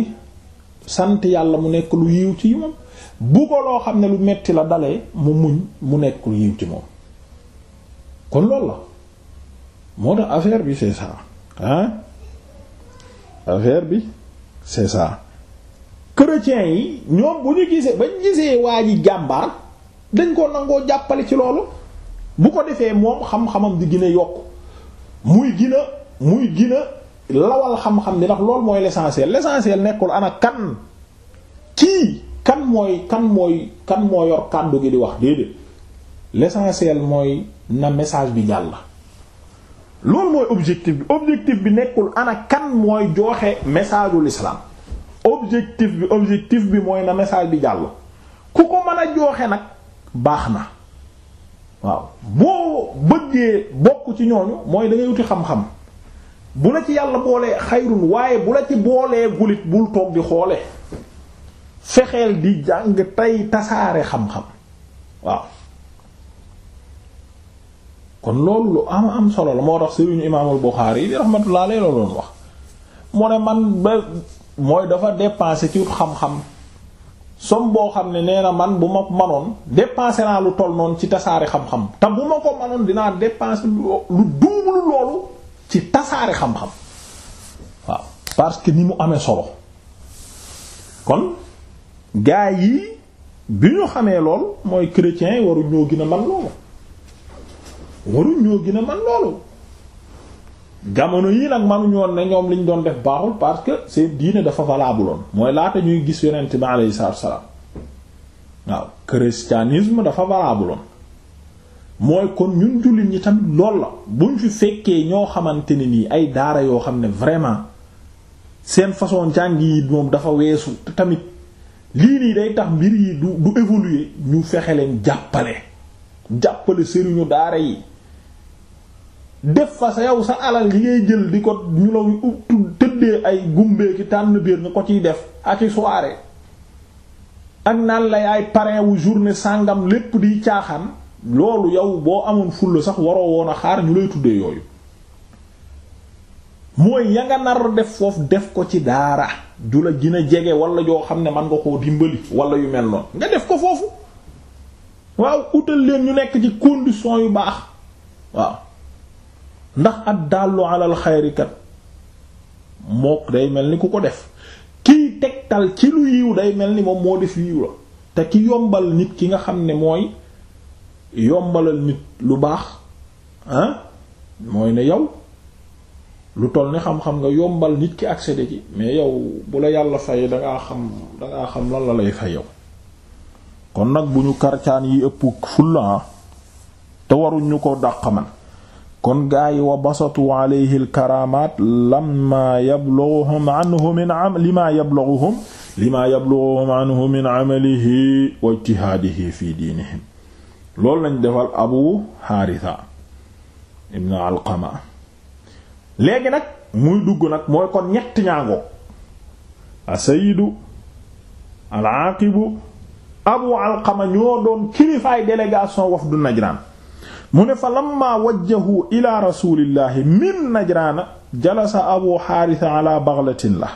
sant yàlla mu nekk lu yiw ci moom bu ko loo xam ne lu metti la dale mu muñ mu nekk lu yiw ci moom kon loolu la moo tax affaire bi c'est ça ah affaire bi c'est ça chrétiens yi ñoom bu ñu gisee bañ gisee waa ji jàmbaar dañ koo nangoo jàppale ci loolu bu ko defee moom xam-xamam di gine yokk muy gina muy gina a lawal xam-xam ni ndax loolu mooy l'essentiel l'essentiel nekkul ana kan kii kan mooy kan mooy kan moo yor kàddu gi di wax déedéet l'essentiel mooy na message bi jàll loolu mooy objectif bi objectif bi nekkul ana kan mooy joxe message u l'islam objectif bi objectif bi mooy na message bi jàll ku ko mën a joxe nag baax na waaw boo bëggee bokk ci ñooñu mooy da ngay wuti xam-xam bu la ci yàlla boolee xayrun waaye bu la ci boolee gulit bul toog di xoole fexeel di jàng tey tasaare xam-xam waaw kon loolu am am solo la moo tax sëriñu imaamul Buxaari yi di la doon wax mu ne man ba mooy dafa dépensé ci wut xam-xam som boo xam ne nee na man bu ma manoon dépensé naa lu toll noonu ci tasaare xam-xam te bu ma ko manoon dinaa dépensé lu duublu loolu ci tasaare xam-xam waaw parce que ni mu amee solo kon gaa yi bi ñu xamee lool mooy chrétiens yi waruñ ñoo gën a man loolu waruñ ñoo gën man loolu jamono yii nag mënuñu woon ne ñoom liñ doon def baaxul parce que seen diine dafa valable mooy laata ñuy gis yonent bi aleyhi salaatu salaam waaw christianisme dafa valable woon mooy kon ñun jullit ñi tamit lool la buñ fi fekkee ñoo xamante ne nii ay daara yoo xam ne vraiment seen façon jàng yi moom dafa weesu te tamit lii nii day tax mbir yi du du évoluer ñu fexe leen jàppale jàppale sëriñu daara yi. def fa sa yow sa alal yi ngay jël di ko ñu la tëddee ay gumbee tànn biir nga ko ciy def ak i soirée ak naan la yaay parrain wu journée sàngam lépp di caaxaan loolu yow boo amoon fulla sax waroo woon a xaar ñu lay tuddee yooyu mooy ya nga def foofu def ko ci daara jula la gën jege walla joo xam ne mën nga koo dimbali wala yu mel noonu nga def ko foofu waaw utal leen ñu nekk ci condition yu baax waaw ndax ad dàllu alal xayri mook day mel ni ku ko def kiy tegtal ci lu yiw day mel ni moom moo def yiw la te ki yombal nit ki nga xam ne mooy yombalal nit lu baax ah mooy ne yow lu toll ni xam-xam nga yombal nit ki accéder ci mais yow bu la yàlla fay dangaa xam dangaa xam lan lay fay yow kon nag bu ñu karcaan yi ëpp fulla te waruñ ñu ko dàq man kon gaa yi wa basatu alayhi alkaramaat lamma yablughuhum anhu min lima yablughuhum min amalihi wa ijtihaadihi fi diinihim loolu lañ defal abu haarisa ibn alqama léegi nag muy dugg nag mooy kon ñett ñaango asayidu alaaqibu abu alqama ñoo doon kilifaay délégation wafdu najraan mu ne fa lamma wajjahu ila rasulillahi min najraana jalasa abu xaarisa ala baglatin la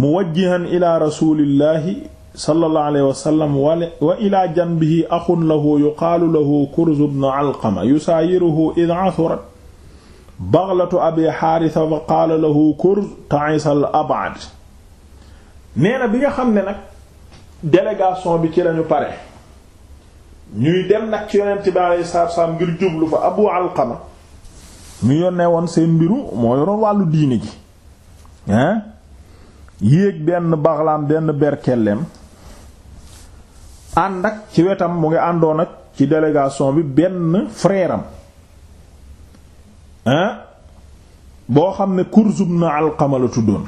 muwajjihan ila rasulillahi sallallahu alayhi wa sallam wa ila janbihi axun lahu yuqaalu lahu kurz ibn alqama yusaayiruhu id athurat baglatu abi xaarisa fa qaala lahu kurz ta'isa al ab'ad nee na bi nga xam ne nag délégation bi ci lañu pare ñuy dem nag ci yonent bi alayhi salaatu salaam ngir jublu fa Abu Alqama mu yónnee woon seen mbiru moo yoroon wàllu diine ji yéeg benn baxlaam benn berkelleem ànd ak ci wetam mu ngi àndoon ak ci délégation bi benn frère boo xam ne Kurz ibn Alqama la tuddoon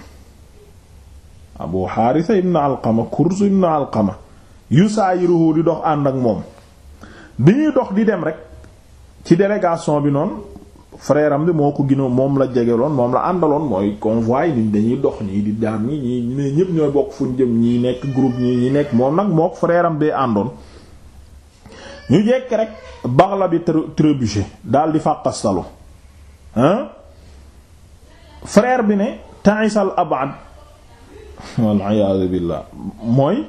Abu Haarisa ibn Alqama Kurz ibn Alqama yusaayiruhu di dox ànd ak moom bi ñuy dox di dem rek ci délégation bi noonu frère bi moo ko ginoo moom la jegeloon moom la àndaloon mooy convoi yi dañuy dox ñii di jaar ñii ñii ne ñëpp ñooy bokk fu ñu jëm ñii nekk groupe ñu nekk moom nag moo ko frère bee àndoon. ñu jekk rek baxla bi trébuché daal di fàqastalu hein frère bi ne taisal abad wal iyaadu billah mooy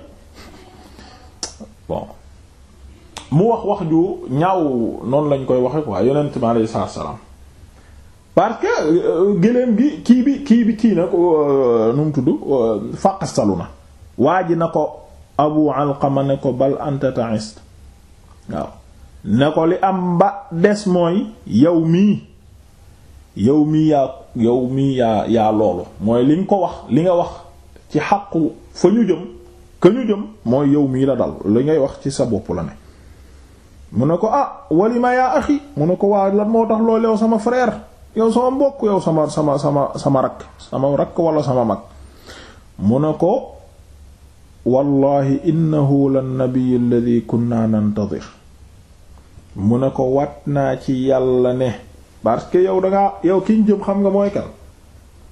mu wax wax ju ñaaw noonu lañ koy waxe waa yonent bi aleyhi salaatu salaam parce que euh, gëléem gi kii bi kii bi kii nag euh, nu mu tudd euh, faqastalu na waa ji na ko abu alqama ne ko bal anta ta'ist waaw ne ko li am ba des mooy yow mii yow mii yaa yow mii yaa yaa loolu mooy li nga ko wax li nga wax ci xaqu fa ñu jëm ka ñu jëm mooy yow mii la dal li ngay wax ci sa bopp la ne mu ne ko ah walima yaa axi mu ne ko waa lan moo tax loolu yow sama frère yow sama mbokk yow sama sama sama sama rakk sama rakk wala sama mag mu ne ko wallahi innahu lan nabiy alladhi kunna nantadir mu ne ko wat naa ci yàlla ne parce que yow dangaa yow ki ñu xam nga mooy kan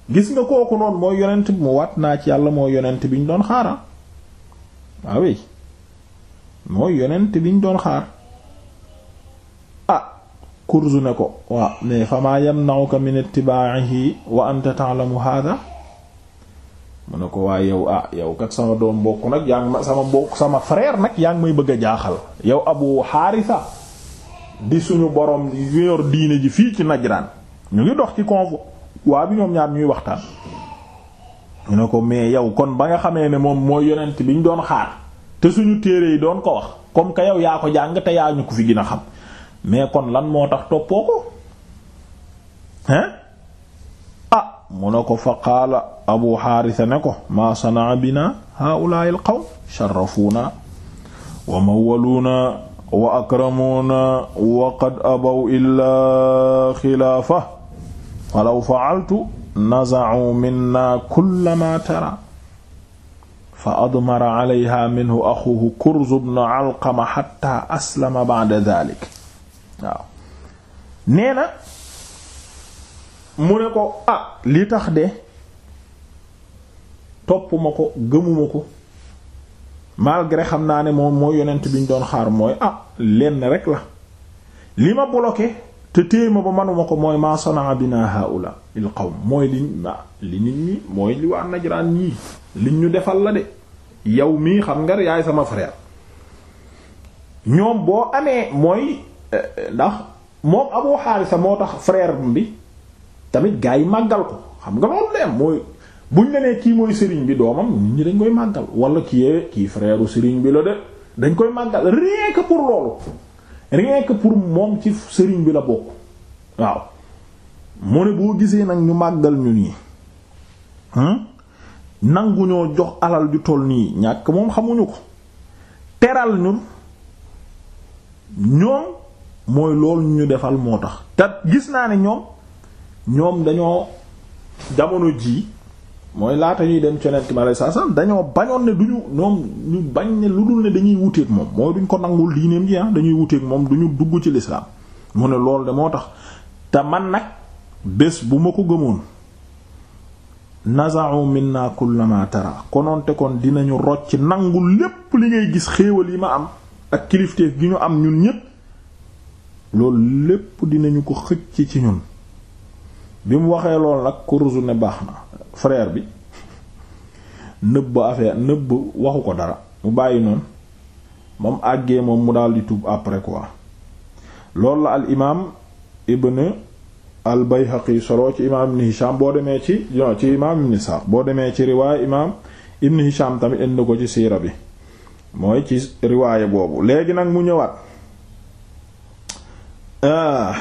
gis nga kooku noonu mooy yonent mu wat naa ci yàlla mooy yonent bi ñu doon xaara ah. waaw ah mooy yonent bi ñu doon xaar kurzu ne ko waaw mais famaa yamna'uka min ittiba'ihi wa anta ta'lamu hadha mu ne ko waaye yow ah yow kat sama doom bokk nag yaa ngi ma sama bokk sama frère nag yaa ngi may bëgg a jaaxal yow abu xaarisa di suñu borom yor diine ji fii ci najraan ñu ngi dox ci convo waa bi ñoom ñaar ñuy waxtaan ñu ne ko mais yow kon ba nga xamee ne moom mooy yonent bi ñu doon xaar te suñu téere yi doon ko wax comme que yow yaa ko jàng te yaa ñu ko fi gin a xam mais kon lan moo tax toppoo ko hein ah mu ne ko fa qaala abu xaarisa ne ko maa sanaa bina haula'i al qawm sharafuuna wa mawwaluuna wa akramuuna wa qad abaw illaa xilaafa falaw fa'altu naza'u minna kulla ma tara fa admara alayha minhu axuhu kurz ibn alqama hatta aslama ba'da dhalik waaw nee na mu ne ko a ah, li tax de topp ma ko gëmuma ko malgré xam naa ne moom mooy yonent bi ñu doon xaar mooy a ah, lenn rek la li ma bloqué te téye ma ba manuma ko mooy ma sanaa bina haula il qawm mooy li ma ah, li nit ñi mooy li waa najraan ñii liñ ñu defal la de yow mii xam nga yaay sama frère ñoom boo amee mooy ndax moom Abu Xaarisa moo tax frère bi tamit gaa yi màggal ko xam nga loolu dem mooy buñ la nee kii mooy sëriñ bi doomam nit ñi dañ koy màggal wala kii kii frère sëriñ bi la de dañ koy màggal rien pour loolu rien pour moom ci sëriñ bi la bokk waaw mu ne boo gisee nag ñu màggal ñu yi hmm? nangu ñoo jox alal ju toll nii ñàkk moom xamuñu ko teral ñun ñoom mooy loolu ñu defal moo tax te gis naa ne ñoom ñoom dañoo jamono jii mooy laata ñuy dem conent ma lay dañoo bañoon ne duñu ñoom ñu bañ ne lu dul ne dañuy wuteeg moom mooy duñ ko nangul diineem ji ah dañuy wuteeg moom duñu dugg ci lislaam mu ne loolu de moo tax te man nag bés bu ma ko gëmoon naza'u minna kullama tara konoonte kon dinañu rocc nangul lépp li ngay gis xéewal yi ma am ak kilifteef gi ñu am ñun ñépp loolu lépp dinañu ko xëcc ci ñun bi mu waxee lool nag kurusu ne baax na frère bi nëbb affaire nëbb waxu ko dara mu bàyyi noonu moom àggee moom mu daal di tuub après quoi loolu la al imaam ibn al bayhaqi solo ci imaam ibn hisham boo demee ci non ci imaam boo demee ci riwaay imaam ibn hisham tamit indi ko ci siira bi mooy ci riwaay boobu léegi nag mu ñëwaat ah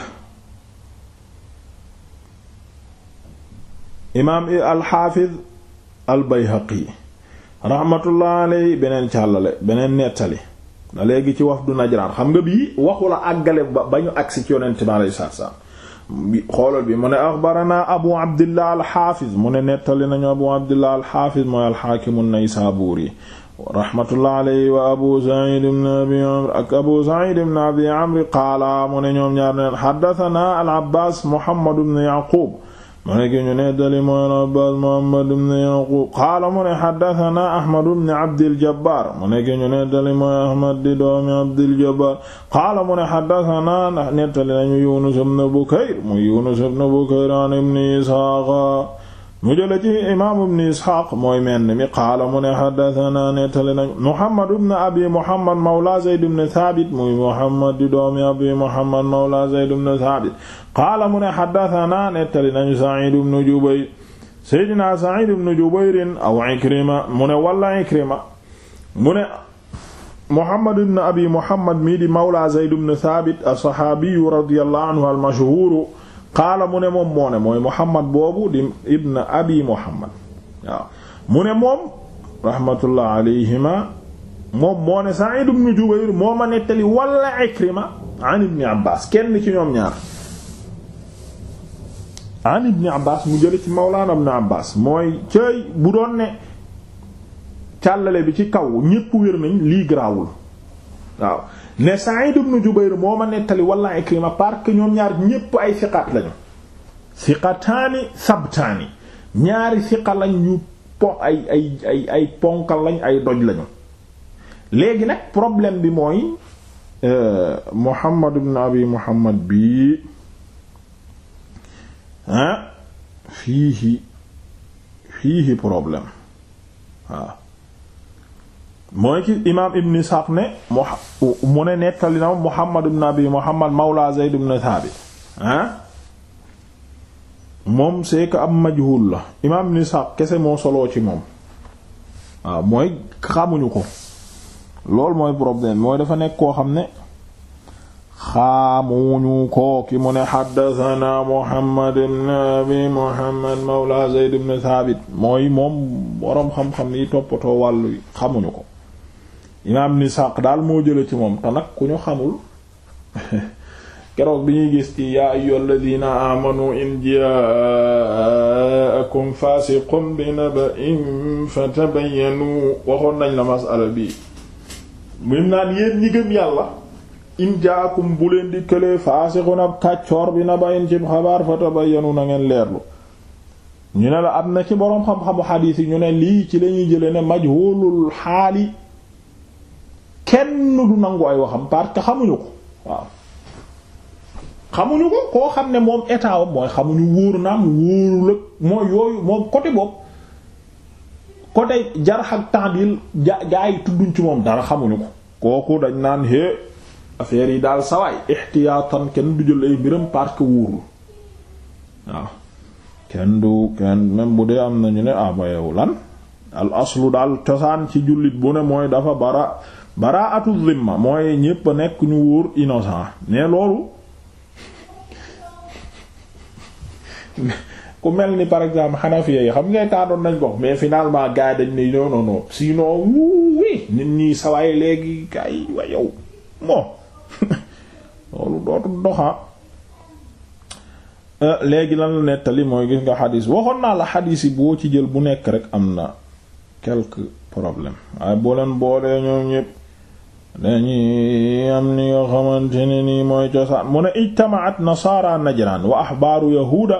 imaam alxaafiz albayhaqi raxmatullah aley beneen càllale beneen nettali da léegi ci wafdu najraan xam nga bii waxu la àggale ba ba ñu agsi ci yonent bi aleyhi salaatu salaam xoolal bi mu ne axbarana abu abdillah alxaafiz mu ne nettali nañu abu abdillah alxaafiz mooy alxaakimu yi rahmatullah alayhi wa abu sa'id ibn abi amr ak abu sa'id ibn abi amr qaala mu ne ñoom ñaar neen xaddatana al abbas muhammad ibn yaqub mu ne ki ñu nettali mooy al abbas muhammad ibn yaqub qaala mu ne xaddatana ahmad ibn abdil jabbar mu ne ki ñu nettali mooy ahmad di doomi abdil jabbar qaala mu ne xaddatana nettali nañu yunus ibn bukayr mu yunus ibn bukayr an ibn isaaqa mu jële ci imaam ibn isxaaq mooy menn mi qaala mu ne xaddatana nettali nañ muhammad ibn abi muhammad mawla zayd ibn thabit muy muhammad di doomi abi muhammad mawla zayd ibn thabit qaala mu ne xaddatana nettali nañu sa'id ibn jubayr seydina sa'id ibn jubayrin aw ikrima mu ne walla ikrima mu ne muhammad ibn abi muhammad mii di mawla zayd ibn thabit as-saxaabiyu radiyallahu anhu al-mashhuur qaala mu ne moom moo ne mooy Muhammad boobu di ibn abi Muhammad waaw mu ne moom rahmatullah alayhima moom moo ne Sa'id ibn Jubayr moo ma nettali wala Ikrima an ibn Abbas kenn ci ñoom ñaar an ibn Abbas mu jële ci Mawlana ibn Abbas mooy cëy bu doon ne càllale bi ci kaw ñépp wér nañ lii garaawul waaw ne Sa'id ibn Jubayr moo ma nettali walla Ikrima parce que ñoom ñaar ñépp ay siqaat lañu siqataani sabtaani ñaari siqa lañ ñu po ay ay ay ponkal lañ ay doj lañu léegi nag problème bi mooy euh, Muhammad ibn Abi Muhammad bi ah fiihi fiihi waaw mooy ki imaam ibn Ishaq ne mu ne nettali na Muhammad ibn Abi Muhammad mawla Zayd ibn Thabit ah moom c'est que am majhul kese moo soloo ci moom waaw mooy xamuñu ko loolu mooy problème mooy dafa nekk koo xam ne xaamuñu ko ki mu ne xaddathana Muhammad ibn Abi Muhammad mawla Zayd ibn Thabit mooy moom boroom xam-xam yi toppatoo wàllu xamuñu ko imaam ni sàq daal moo jële ci moom te nag ku ñu xamul <laughs> keroog bi ñuy gis ci yaa ayyuhal ladina amanu in ja'akum fasiqun bi naba'in fatabayyanu waxoon nañ la masala bi mim naan yéen ñi gëm yàlla in ja'akum bu leen di këlee fasiqun ab kàccoor bi naba'in ci xabaar fatabayyanu na ngeen leerlu ñu ne la am na ci boroom xam-xamu xadiis yi ñu ne lii ci lañuy jële ne majhulul xaali kenn du nangu ay waxam parce que xamuñu ko waaw xamuñu ko koo xam ne moom état wam mooy xamuñu wóoru naam wóoru lëg mooy yooyu moom côté boobu côté jarax ak tendil ja gaa yi tudduñ ci moom dara xamuñu ko kooku dañ naan é affaire yi daal sawaay ixtiyaatan kenn du jël ay mbiram parce que wóorul waaw kenn du kenn même bu dee am nañu ne ah bayow lan al aslu daal cosaan ci jullit bu ne mooy dafa bara baraatu zimma mooy ñépp a nekk ñu wóor innocent mais loolu ku mel ni par exemple xanafiya yi xam ngay taadoon nañ ko mais finalement gars yi dañ ne non non non nit ñi sawaay léegi gars yi wa yow <laughs> loolu dootu doxa euh, léegi lan la nettali mooy gis nga xadis waxoon naa la xadis yi boo ci jël bu nekk rek am na quelque problème waaye boo leen boolee dañuy am ni yoo xamante ne nii mooy cosaan mu ne nasaara najraan wa axbaaru yahuuda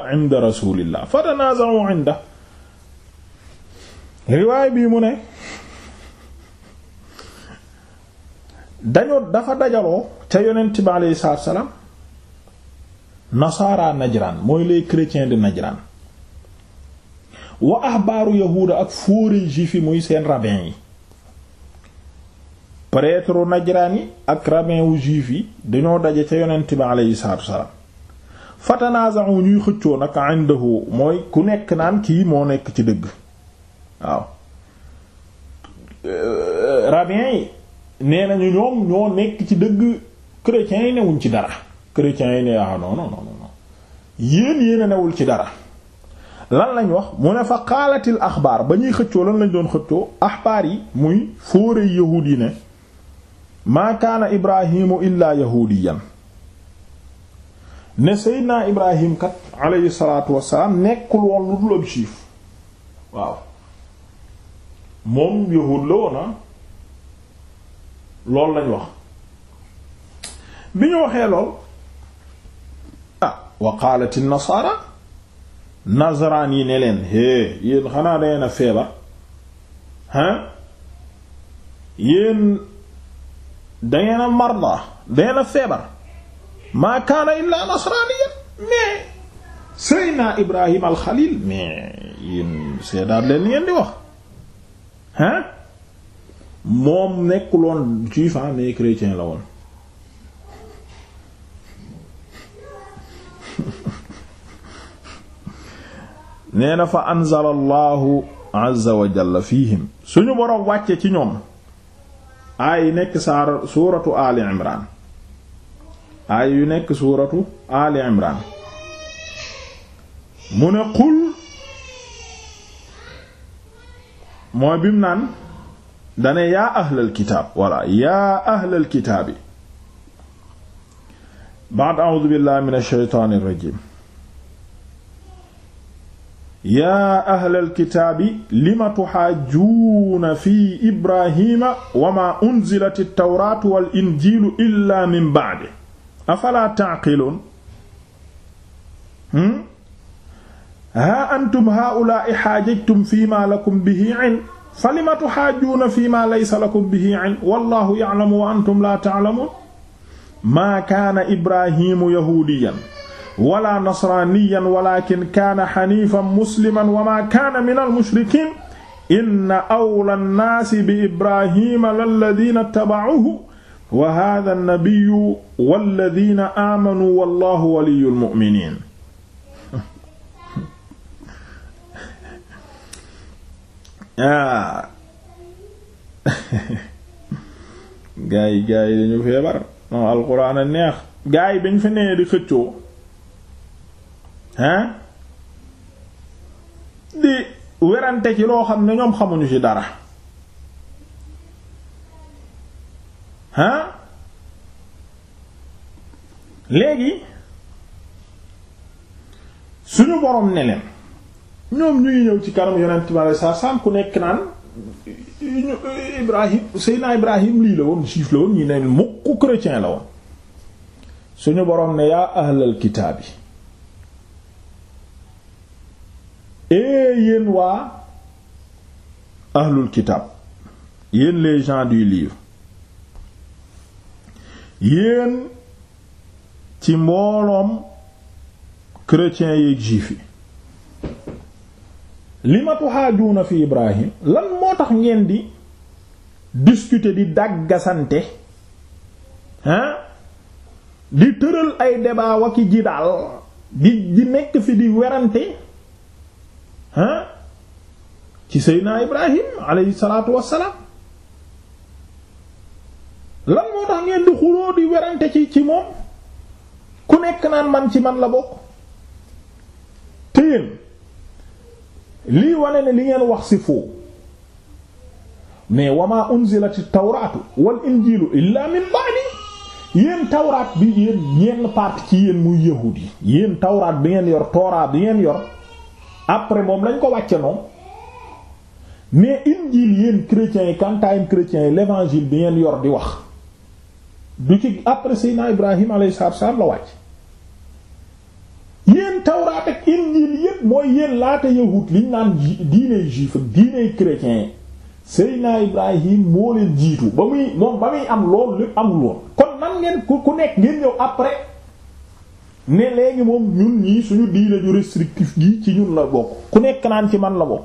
ak fóore juif muy seen rabbin yi prêtre najraan yi ak rabbin wu juif yi dañoo daje ca yonent bi aleyhi salaatu wasalaam fatanaasaxu ñuy xëccoo nag indahu mooy ku nekk naan kii moo nekk ci dëgg waaw euh, rabbin yi nee nañu ñoom ñoo nekk ci dëgg chrétiens yi newuñ ci dara chrétiens yi ne ah non non non a newul ci dara lan lañ wax mu ne fa xaalatil axbaar ba ñuy xëccoo lan lañ doon xëccoo axbaar yi muy fóore yahuud yi ne maa kaana ibrahimu illaa yahuudiyan ne seydinaa ibrahim kat aleyhi salaatu wassalaam nekkul woon lu dul ab juif waaw moom yahuud la woona ah. loolu lañ wax bi ñu waxee lool ah wa qaalati nasaara nazaraan yi ne leen hé yéen xanaa dangeen a feebar hein ah? yéen dangeen a marda dangeen a feebar maa kaana illaa nasraaniya mais Seydina Ibrahim al-Khalil mais yéen seedaat leen ngeen wax hein moom nekkuloon juif mais chrétien la woon <laughs> nee na fa anzala allahu jalla fihim suñu boroom wàcce ci ñoom aay yi nekk suuratu Ali Imran aay yu nekk suuratu Ali Imran mu ne qul mooy bim naan dane yaa ahlal kitaab walla yaa ahlal kitaabi ba'd a'uuzu billahi minash shaytaanir rajiim yaa ahlal kitaabi lima tuxaajuuna fi ibrahima wa maa unzilat at-tawraatu wal injiilu illaa min ba'di afalaa ta'qiluun hmm? haa antum haa'ulaa'i xaajajtum fii maa lakum bihi 'ilm falima tuxaajuuna fii maa laysa lakum bihi 'ilm wallaahu ya'lamu wa antum laa ta'lamuun maa kaana ibraahiimu yahuudiyan wala nasraniyan walakin kaana xanifan musliman wa ma kaana min almushrikin inna awla annaasi bi ibrahima lalladina tabauhu wa hada annabiyu walladina aamanu wallahu waliyu almuminin a <laughs> gaa yi gaa yi dañu feebar non alquran a neex gaa yi bañ fi nee di xëccoo hein di werante ci loo xam ne ñoom xamuñu ci dara hein léegi suñu boroom ne ñoom ñuy ñëw ci kanam yonent bi alei sat saam ku nekk naan Ibrahim Seydina Ibrahim lii la woon juif la woon ñi ne mukk chrétien la woon suñu boroom ne yaa ahlal kitaabi ee eh, yéen waa ahlul kitaab yéen les gens du livre yéen ci mbooloom chrétiens yeeg juifs yi li ma tuhaajuuna fi Ibrahim lan moo tax ngeen di discuter di dàggasante hein di tëral ay débat wa ji daal di di nekk fi di werante ah ci seydna ibrahim alayhi salaatu wassalaam lan moo tax ngeen di xuloo di werante ci ci moom ku nekk naan man ci man la bokk te lii wane ne li ngeen wax si foo mais wama unzilati tawraatu wal injilu illa min ba'di yéen tawraat bi yéen ñenn partie ci yéen muy yahuud yi yéen tawraat bi ngeen yor tooraa bi ngeen yor après moom lañ ko wàcce moom mais injil yéen chrétiens yi kantaayam chrétiens yi l'évangile bi ngeen yor di wax du ci après Seydina Ibrahim alayhi salaatu salaam la wàcc yéen tawraat ak injil yépp mooy yéen laata yahut liñ naan diiney juif ak diiney chrétiens yi Seydina Ibrahim moo leen jiitu ba muy moom ba muy am loolu lépp amul woon kon nan ngeen ku ku nekk ngeen ñëw après ne léegi moom ñun ñii suñu diine ju restrictif gi ci ñun la bokk ku nekk naan ci man la bokk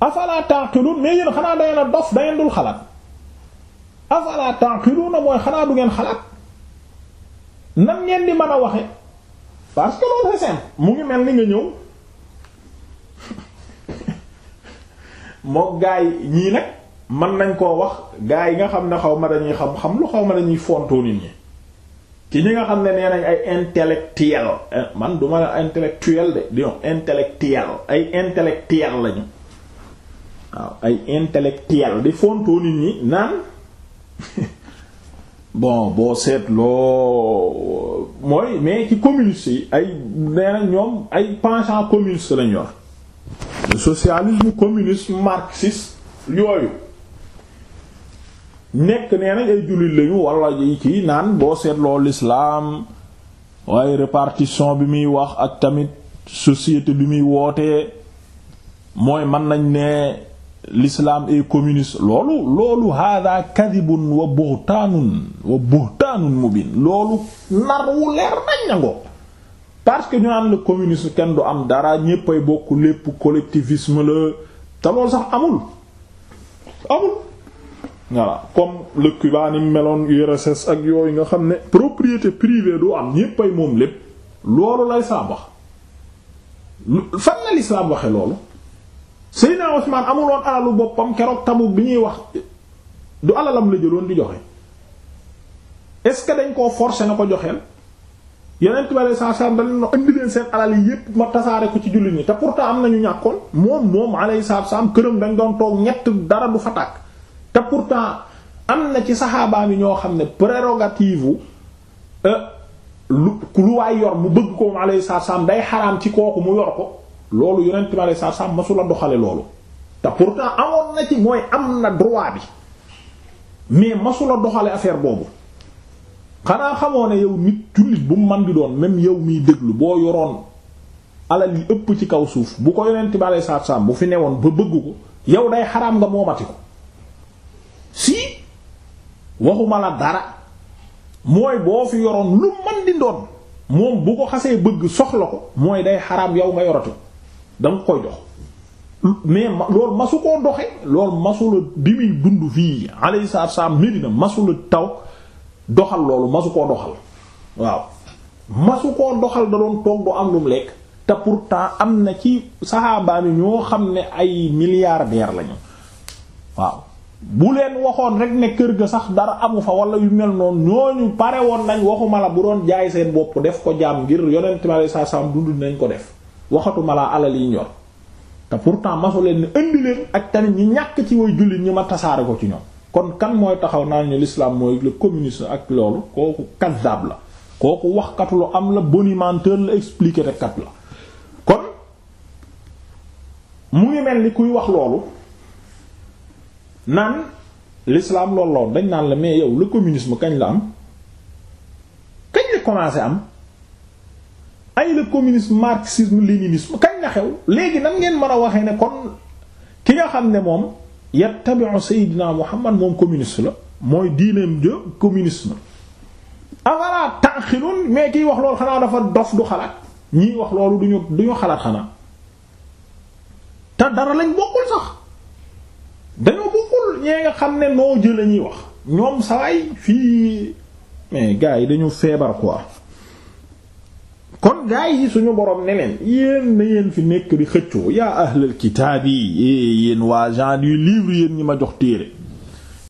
afala taqilun mais yéen a dof xalaat afala taqiluna mooy xanaa du ngeen xalaat nan ngeen di man a waxe parce que loolu c'est mu ngi mel ni nga ñëw <laughs> moo gaay ñii nag mën nañ koo wax gaay yi nga xam ne xaw ma dañuy xam-xam lu xaw ma dañuy fontoo nit ñi ci ñi nga xam ne nee nañ ay intellectuel eh, man du ma la intellectuel de dion intellectuel ay intellectuel lañu waaw ay intellectuel di fontoo nit ñi naan <laughs> bon boo seetloo mooy mais ci communiste yi ay nee na ñoom ay penchant communiste lañu yor le communiste marxiste yooyu nekk nee nañ ay jullit lañu wala yi kii naan boo seetloo lislaam waaye répartition bi muy wax ak tamit société bi muy wootee mooy mën nañ ne l'islam est communiste loolu loolu hada kadibun wa buhtaanun wa buhtaanun mubin loolu nar wu leer nañ na ngo parce que ñu naan le communisme kenn du am dara ñépp ay bokk lépp collectivisme la te loolu sax amul amul voilà comme le Cuba ni meloon URSS ak yooyu nga xam ne propriété privée du am ñépp ay moom lépp loolu lay saam wax fan la lislaam waxe loolu Seydina Usmaan amuloon alalu boppam keroog Tabuk bi ñuy wax du alalam la jëloon di joxe est-ce que dañ koo forcer na ko joxeel yeneen tubaab yi saa na indi leen seen alal yi yépp ma tasaare ko ci julli ñi te pourtant am na ñu ñàkkoon moom moom alayhi salaam këram dañ doon toog ñett dara du fa tàkk te pourtant am na ci saxaabaam yi ñoo xam ne prérogative wu euh, lu lu waay yor mu bëgg ko alayhi salaam day xaraam ci kooku mu yor ko loolu yonent bi alayhi salaam masula loolu te pourtant na ci mooy am na droit bi mais masula doxale affaire boobu xanaa xamoo ne yow nit bu man di doon même yow miy déglu boo yoroon alal yi ëpp ci kaw suuf bu ko yonent bi alayhi salaam bu fi newoon ba bëgg ko yow day xaraam nga moomati ko si waxuma la dara mooy boo fi yoroon lu man di doon moom bu ko xasee bëgg soxla ko mooy day xaram yow nga yoratu da nga koy jox mais loolu masu koo doxe loolu masula bi dund fii alayhi salaatu taw doxal loolu masu koo doxal waaw masu koo doxal da doon toog am lu mu lekk te pourtant am na ci saxaabaami ñoo xam ne ay milliardaires lañu waaw bu leen waxoon rek ne kër ga sax dara amu fa wala yu mel noonu ñooñu pare woon nañ waxuma la bu doon jaay seen bopp def ko jaam ngir yonent ma lay saa saam dund nañ ko def waxatuma la alal yi ñor te pourtant masu leen ni indi leen ak tamit ñi ñàkk ci way jullit ñi ma tasaare ko ci ñoom. kon kan mooy taxaw naa ñu lislaam mooy le communisme ak loolu kooku kazzab la kooku waxkat lu am la bonimenteur la expliqué kat la kon mu ngi mel ni kuy wax loolu. naan l'islam loolu lool dañ naan la mais yow le communisme kañ la am kañ la commencé am ay le communisme marxisme léninisme kañ la xew léegi nan ngeen mën a waxee ne kon ki nga xam ne moom yattabi'u Seydina Muhammad moom communiste la mooy diineem jo communisme avalaa tànqilun mais kiy wax loolu xanaa dafa dof du xalaat ñiy wax loolu duñu duñu xalaat xanaa te dara lañ bokkul sax dañoo bokkul ñee nga xam ne noo jël la ñuy wax ñoom sawaay fii mais gars yi dañu feebar quoi kon gars yi suñu borom ne leen na yéen fi nekk di xëccoo yaa ahlal kitaab yi yéen waa gens du livre yéen ñi ma jox téere